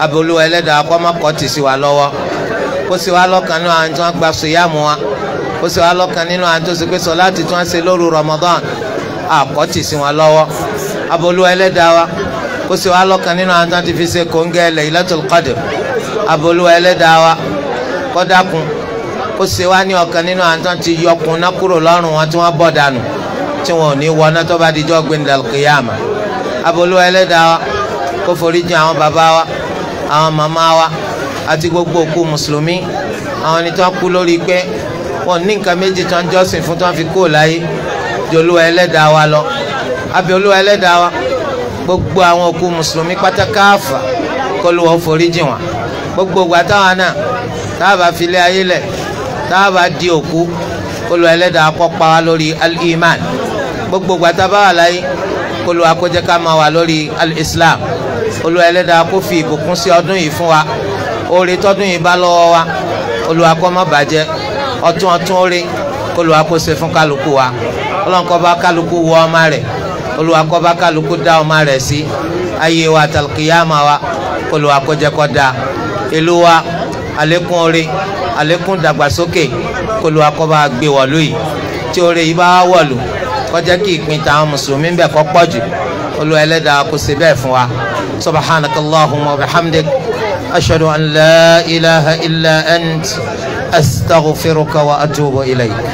abẹ́ olúwa ẹlẹ́dàá kọ́mọ́kọ́ ti sí wa lọ́wọ́ kó sì wá lọ́kàn nínú àwọn tí wọ́n gba sùyàmù wa kó sì wá lọ́kàn nínú àwọn tó sì pé sọ láti tí wọ́n ṣe lóru Ramadan àkọ́ ti sí wọn lọ́wọ́ abẹ́ olúwa ẹlẹ́dàá wa kó sì wá lọ́kàn nínú àwọn tó ti fi ṣe kóńgẹ́ Laylatul Qadr abẹ́ olúwa kọ́dákun ó ṣe wá ní ọ̀kan nínú àtọ́ ti yọkun náà kúrò lọ́rùn wọn tí wọ́n bọ̀ dànù tí wọn ò ní wọ náà tó bá di jọ́ gbẹ̀ndà kìyàmà abolúwa ẹlẹ́dàá wa kó forí jìn àwọn bàbá wa àwọn màmá wa àti gbogbo òkú mùsùlùmí àwọn ẹni tó kú lórí pé wọn ní nǹkan méjì tó ń jọ́sìn fún tó ń fi kú láyé jòlúwa ẹlẹ́dàá wa lọ abẹ́ ẹlẹ́dàá wa gbogbo àwọn òkú mùsùlùmí pátákáàfà kó lùwọ́ táàbà filẹ̀ ayé lẹ̀ táàbà di òkú kólu ẹlẹ́dàá kó pa wá lórí al-iman gbogbo gbàtà bá wà láyé kólu akójẹ́ ká máa wà lórí al-islam kólu ẹlẹ́dàá kó fi ìbùkún sí ọdún yìí fún wa oore tọdún yìí bá lọ́wọ́ wa kólu akọ́mọ́ bàjẹ́ ọtún ọtún oore kólu akóse fún kálukú wa ọlọ́nkọ́ bá kálukú wọ ọmọ rẹ̀ kólu akọ́ bá kálukú dá ọmọ rẹ̀ sí ayé wa talqiyama wa kólu akójẹ́ kó dáa ìlú wa àlékún orí àlékún dàgbàsókè kólú akọba gbé wọ̀lú yìí tí orí yìí bá wọ̀lú kó jẹ́ kí ìpín tàwọn mùsùlùmí bẹ̀ kó pọ̀ jù olú ẹlẹ́dàá kó ṣe bẹ́ẹ̀ fún wa subhanakallahumma wa bihamdik ashhadu an la ilaha illa ant astaghfiruka wa atubu ilayk.